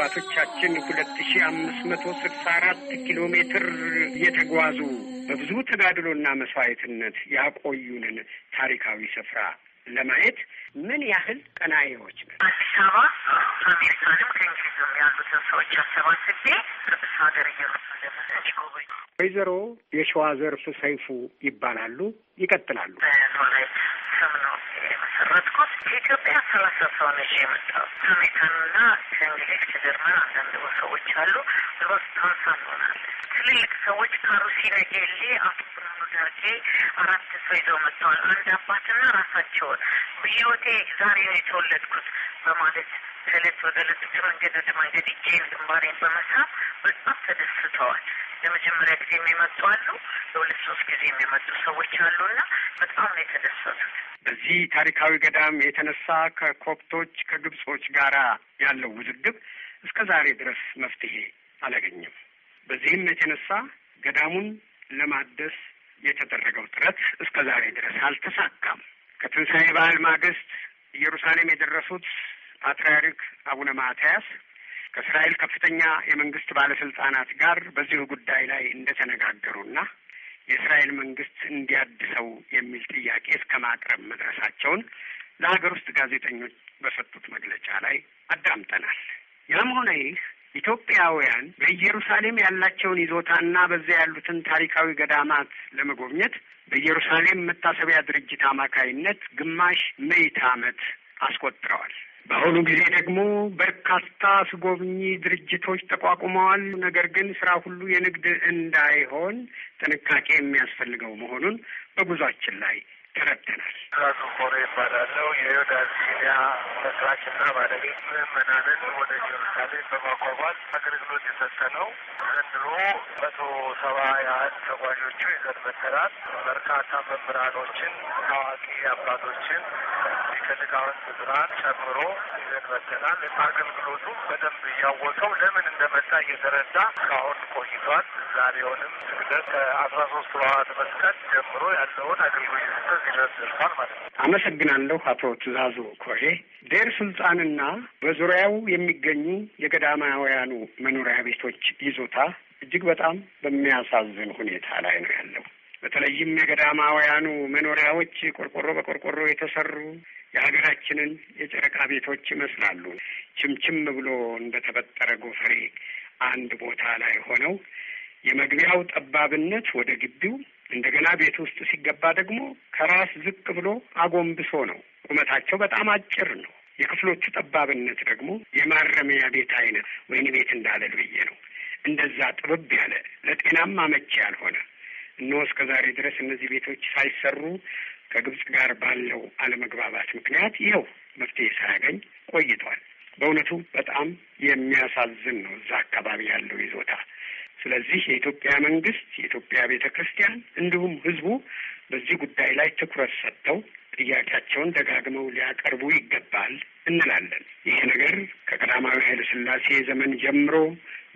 አባቶቻችን ሁለት ሺ አምስት መቶ ስልሳ አራት ኪሎ ሜትር እየተጓዙ በብዙ ተጋድሎና መስዋዕትነት ያቆዩንን ታሪካዊ ስፍራ ለማየት ምን ያህል ቀናዎች ነ አዲስ አበባ ከአሜሪካንም ከእንግሊዝም ያሉትን ሰዎች አሰባስቤ ቅዱስ ሀገር ኢየሩሳሌም እንዲጎበኙ ወይዘሮ የሸዋ ዘርፍ ሰይፉ ይባላሉ። ይቀጥላሉ። በኖላይት ስም ነው የመሰረትኩ ከኢትዮጵያ ሰላሳ ሰው ነች የመጣው ከአሜሪካንና ከእንግሊዝ ከጀርመን አንዳንድ ሰዎች አሉ። ኦልሞስት ሀምሳ ሆናል። ትልልቅ ሰዎች ካሩሲ ነጌሌ፣ አቶ ብርሃኑ ዳርጌ አራት ሰው ይዘው መጥተዋል። አንድ አባትና ራሳቸውን ህይወቴ ዛሬ ነው የተወለድኩት በማለት ከእለት ወደ እለት መንገድ ወደ መንገድ እጄን ግንባሬን በመሳብ በጣም ተደስተዋል። ለመጀመሪያ ጊዜ የሚመጡ አሉ፣ ለሁለት ሶስት ጊዜ የሚመጡ ሰዎች እና በጣም ነው የተደሰቱት። በዚህ ታሪካዊ ገዳም የተነሳ ከኮፕቶች ከግብጾች ጋራ ያለው ውዝግብ እስከ ዛሬ ድረስ መፍትሄ አላገኘም። በዚህም የተነሳ ገዳሙን ለማደስ የተደረገው ጥረት እስከ ዛሬ ድረስ አልተሳካም። ከትንሣኤ በዓል ማግስት ኢየሩሳሌም የደረሱት ፓትርያርክ አቡነ ማትያስ ከእስራኤል ከፍተኛ የመንግስት ባለስልጣናት ጋር በዚሁ ጉዳይ ላይ እንደተነጋገሩና የእስራኤል መንግስት እንዲያድሰው የሚል ጥያቄ እስከ ማቅረብ መድረሳቸውን ለሀገር ውስጥ ጋዜጠኞች በሰጡት መግለጫ ላይ አዳምጠናል። ያም ሆነ ይህ ኢትዮጵያውያን በኢየሩሳሌም ያላቸውን ይዞታና በዚያ ያሉትን ታሪካዊ ገዳማት ለመጎብኘት በኢየሩሳሌም መታሰቢያ ድርጅት አማካይነት ግማሽ መይት ዓመት አስቆጥረዋል። በአሁኑ ጊዜ ደግሞ በርካታ አስጎብኚ ድርጅቶች ተቋቁመዋል። ነገር ግን ስራ ሁሉ የንግድ እንዳይሆን ጥንቃቄ የሚያስፈልገው መሆኑን በጉዟችን ላይ ተረድተናል። ራሱ ኮሬ ይባላለው የይሁዳ ሚዲያ መስራችና ባለቤት ምዕመናንን ወደ ኢየሩሳሌም በማጓጓዝ አገልግሎት የሰጠ ነው። ዘንድሮ መቶ ሰባ ያህል ተጓዦቹ ይዘን መተናል። በርካታ መምህራኖችን፣ ታዋቂ አባቶችን ከልቃውን ብርሃን ጨምሮ ይዘን መተናል። አገልግሎቱ በደንብ እያወቀው ለምን እንደመጣ እየተረዳ እስካሁን ቆይቷል። ዛሬውንም ስግደት ከአስራ ሶስት መስቀል ጀምሮ ያለውን አገልግሎት ድረስ ደርሷል ማለት ነው። አመሰግናለሁ አቶ ትእዛዙ ኮሄ። ዴር ስልጣንና በዙሪያው የሚገኙ የገዳማውያኑ መኖሪያ ቤቶች ይዞታ እጅግ በጣም በሚያሳዝን ሁኔታ ላይ ነው ያለው። በተለይም የገዳማውያኑ መኖሪያዎች ቆርቆሮ በቆርቆሮ የተሰሩ የሀገራችንን የጨረቃ ቤቶች ይመስላሉ። ችምችም ብሎ እንደተበጠረ ጎፈሬ አንድ ቦታ ላይ ሆነው የመግቢያው ጠባብነት ወደ ግቢው እንደገና ቤት ውስጥ ሲገባ ደግሞ ከራስ ዝቅ ብሎ አጎንብሶ ነው። ቁመታቸው በጣም አጭር ነው። የክፍሎቹ ጠባብነት ደግሞ የማረሚያ ቤት አይነት ወይን ቤት እንዳለል ብዬ ነው። እንደዛ ጥብብ ያለ ለጤናም አመቺ ያልሆነ እነሆ እስከ ዛሬ ድረስ እነዚህ ቤቶች ሳይሰሩ ከግብፅ ጋር ባለው አለመግባባት ምክንያት ይኸው መፍትሄ ሳያገኝ ቆይቷል። በእውነቱ በጣም የሚያሳዝን ነው። እዛ አካባቢ ያለው ይዞታ ስለዚህ የኢትዮጵያ መንግስት፣ የኢትዮጵያ ቤተ ክርስቲያን እንዲሁም ህዝቡ በዚህ ጉዳይ ላይ ትኩረት ሰጥተው ጥያቄያቸውን ደጋግመው ሊያቀርቡ ይገባል እንላለን። ይሄ ነገር ከቀዳማዊ ኃይለ ሥላሴ ዘመን ጀምሮ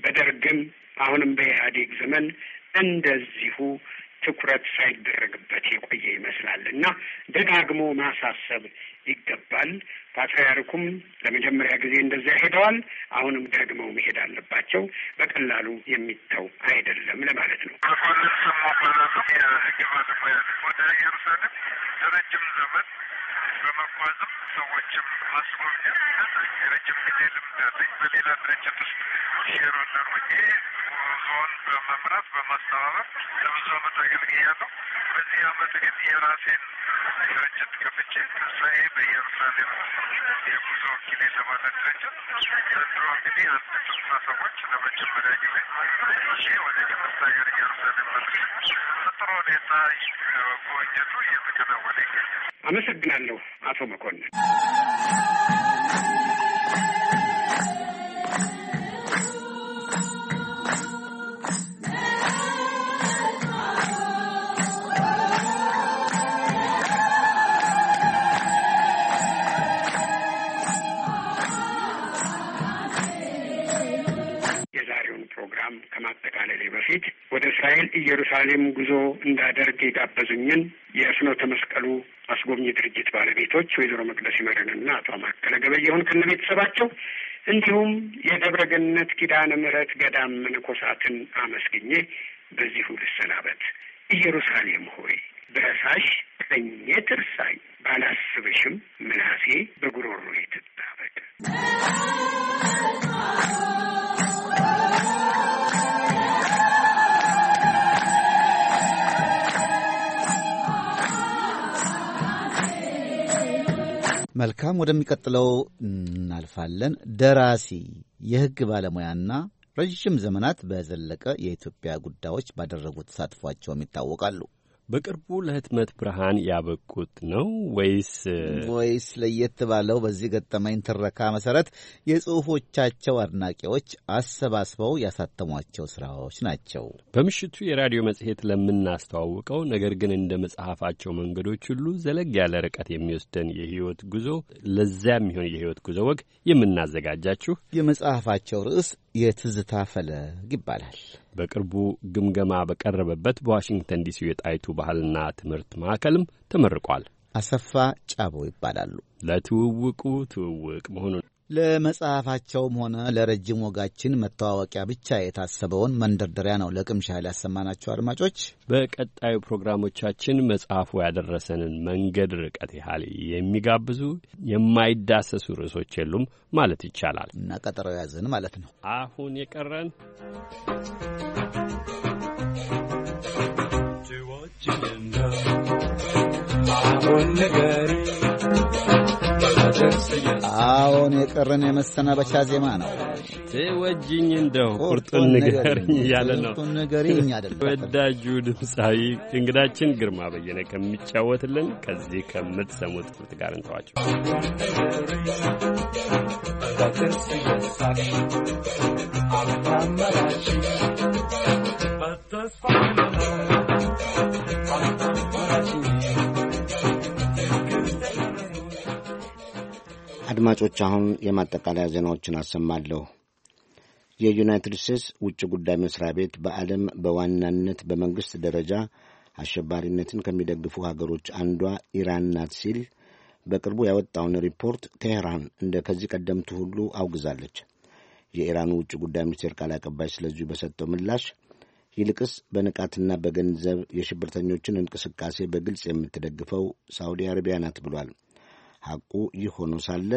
በደርግም አሁንም በኢህአዴግ ዘመን እንደዚሁ ትኩረት ሳይደረግበት የቆየ ይመስላል እና ደጋግሞ ማሳሰብ ይገባል። ፓትርያርኩም ለመጀመሪያ ጊዜ እንደዚያ ሄደዋል። አሁንም ደግመው መሄድ አለባቸው። በቀላሉ የሚተው አይደለም ለማለት ነው። ወደ ኢየሩሳሌም ለረጅም ዘመን በመጓዝም ሰዎችም ማስጎብኘት የረጅም ጊዜ ልምድ አለኝ። በሌላ ድርጅት ውስጥ ሼር ሆኜ ዞን በመምራት በማስተባበር ለብዙ አመት አገልግያለሁ። በዚህ አመት ግን የራሴን ድርጅት ከፍቼ ትንሳኤ በኢየሩሳሌም የጉዞ ወኪል የተባለ ድርጅት ዘንድሮ እንግዲህ አንድ ስልሳ ሰዎች ለመጀመሪያ ጊዜ ይሄ ወደ ቅድስት ሀገር ኢየሩሳሌም መድረስ በጥሩ ሁኔታ በጎ እየተከናወነ ይገኛል። አመሰግናለሁ አቶ መኮንን። ወደ እስራኤል ኢየሩሳሌም ጉዞ እንዳደርግ የጋበዙኝን የፍኖተ መስቀሉ አስጎብኝ ድርጅት ባለቤቶች ወይዘሮ መቅደስ ይመርንና አቶ ማከለ ገበየሁን ከነ ቤተሰባቸው እንዲሁም የደብረ ገነት ኪዳነ ምሕረት ገዳም መነኮሳትን አመስግኜ በዚሁ ልሰናበት። ኢየሩሳሌም ሆይ ብረሳሽ ቀኜ ትርሳኝ፣ ባላስብሽም ምናሴ በጉሮሮዬ ትጣበቅ። መልካም ወደሚቀጥለው እናልፋለን። ደራሲ የህግ ባለሙያና ረዥም ዘመናት በዘለቀ የኢትዮጵያ ጉዳዮች ባደረጉት ተሳትፏቸውም ይታወቃሉ። በቅርቡ ለህትመት ብርሃን ያበቁት ነው ወይስ ወይስ ለየት ባለው በዚህ ገጠመኝ ትረካ መሰረት የጽሁፎቻቸው አድናቂዎች አሰባስበው ያሳተሟቸው ስራዎች ናቸው? በምሽቱ የራዲዮ መጽሔት ለምናስተዋውቀው ነገር ግን እንደ መጽሐፋቸው መንገዶች ሁሉ ዘለግ ያለ ርቀት የሚወስደን የህይወት ጉዞ ለዚያ የሚሆን የህይወት ጉዞ ወግ የምናዘጋጃችሁ የመጽሐፋቸው ርዕስ የትዝታ ፈለግ ይባላል። በቅርቡ ግምገማ በቀረበበት በዋሽንግተን ዲሲ የጣይቱ ባህልና ትምህርት ማዕከልም ተመርቋል። አሰፋ ጫቦ ይባላሉ። ለትውውቁ ትውውቅ መሆኑን ለመጽሐፋቸውም ሆነ ለረጅም ወጋችን መተዋወቂያ ብቻ የታሰበውን መንደርደሪያ ነው ለቅምሻ ያህል ያሰማናቸው። አድማጮች በቀጣዩ ፕሮግራሞቻችን መጽሐፉ ያደረሰንን መንገድ ርቀት ያህል የሚጋብዙ የማይዳሰሱ ርዕሶች የሉም ማለት ይቻላል እና ቀጠሮ ያዝን ማለት ነው። አሁን የቀረን I wouldn't አሁን የቀረን የመሰናበቻ ዜማ ነው። ትወጅኝ እንደው ቁርጡን ንገርኝ እያለ ነው። ተወዳጁ ድምፃዊ እንግዳችን ግርማ በየነ ከሚጫወትልን ከዚህ ከምትሰሙት ቁርጥ ጋር እንተዋቸው። አድማጮች፣ አሁን የማጠቃለያ ዜናዎችን አሰማለሁ። የዩናይትድ ስቴትስ ውጭ ጉዳይ መስሪያ ቤት በዓለም በዋናነት በመንግሥት ደረጃ አሸባሪነትን ከሚደግፉ ሀገሮች አንዷ ኢራን ናት ሲል በቅርቡ ያወጣውን ሪፖርት ቴህራን እንደ ከዚህ ቀደምቱ ሁሉ አውግዛለች። የኢራኑ ውጭ ጉዳይ ሚኒስቴር ቃል አቀባይ ስለዚሁ በሰጠው ምላሽ ይልቅስ በንቃትና በገንዘብ የሽብርተኞችን እንቅስቃሴ በግልጽ የምትደግፈው ሳውዲ አረቢያ ናት ብሏል። ሐቁ ይህ ሆኖ ሳለ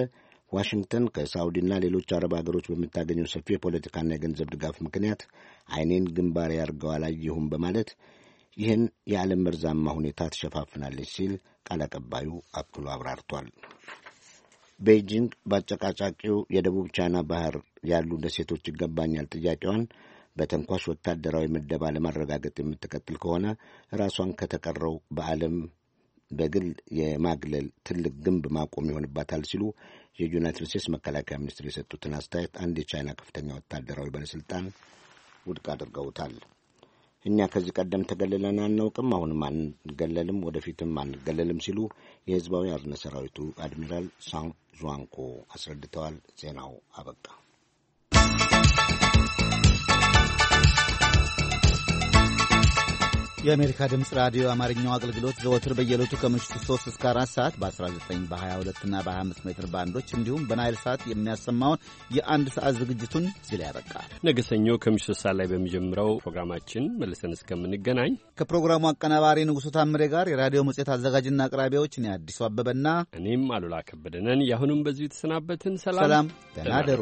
ዋሽንግተን ከሳውዲና ሌሎች አረብ ሀገሮች በምታገኘው ሰፊ የፖለቲካና የገንዘብ ድጋፍ ምክንያት ግንባር ግንባሬ ላይ አላየሁም በማለት ይህን የዓለም መርዛማ ሁኔታ ትሸፋፍናለች ሲል ቃል አቀባዩ አክሎ አብራርቷል። ቤይጂንግ በአጨቃጫቂው የደቡብ ቻይና ባህር ያሉ ደሴቶች ይገባኛል ጥያቄዋን በተንኳሽ ወታደራዊ ምደባ ለማረጋገጥ የምትቀጥል ከሆነ ራሷን ከተቀረው በዓለም በግል የማግለል ትልቅ ግንብ ማቆም ይሆንባታል ሲሉ የዩናይትድ ስቴትስ መከላከያ ሚኒስትር የሰጡትን አስተያየት አንድ የቻይና ከፍተኛ ወታደራዊ ባለሥልጣን ውድቅ አድርገውታል። እኛ ከዚህ ቀደም ተገለለን አናውቅም፣ አሁንም አንገለልም፣ ወደፊትም አንገለልም ሲሉ የህዝባዊ አርነ ሰራዊቱ አድሚራል ሳን ዙዋንኮ አስረድተዋል። ዜናው አበቃ። የአሜሪካ ድምፅ ራዲዮ አማርኛው አገልግሎት ዘወትር በየዕለቱ ከምሽቱ 3 እስከ 4 ሰዓት በ19 በ22 እና በ25 ሜትር ባንዶች እንዲሁም በናይል ሰዓት የሚያሰማውን የአንድ ሰዓት ዝግጅቱን እዚህ ላይ ያበቃል። ነገ ሰኞ ከምሽቱ ሰዓት ላይ በሚጀምረው ፕሮግራማችን መልሰን እስከምንገናኝ ከፕሮግራሙ አቀናባሪ ንጉሡ ታምሬ ጋር የራዲዮ መጽሔት አዘጋጅና አቅራቢዎች እኔ አዲሱ አበበና እኔም አሉላ ከበደነን የአሁኑም በዚሁ የተሰናበትን። ሰላም፣ ሰላም፣ ደህና ደሩ።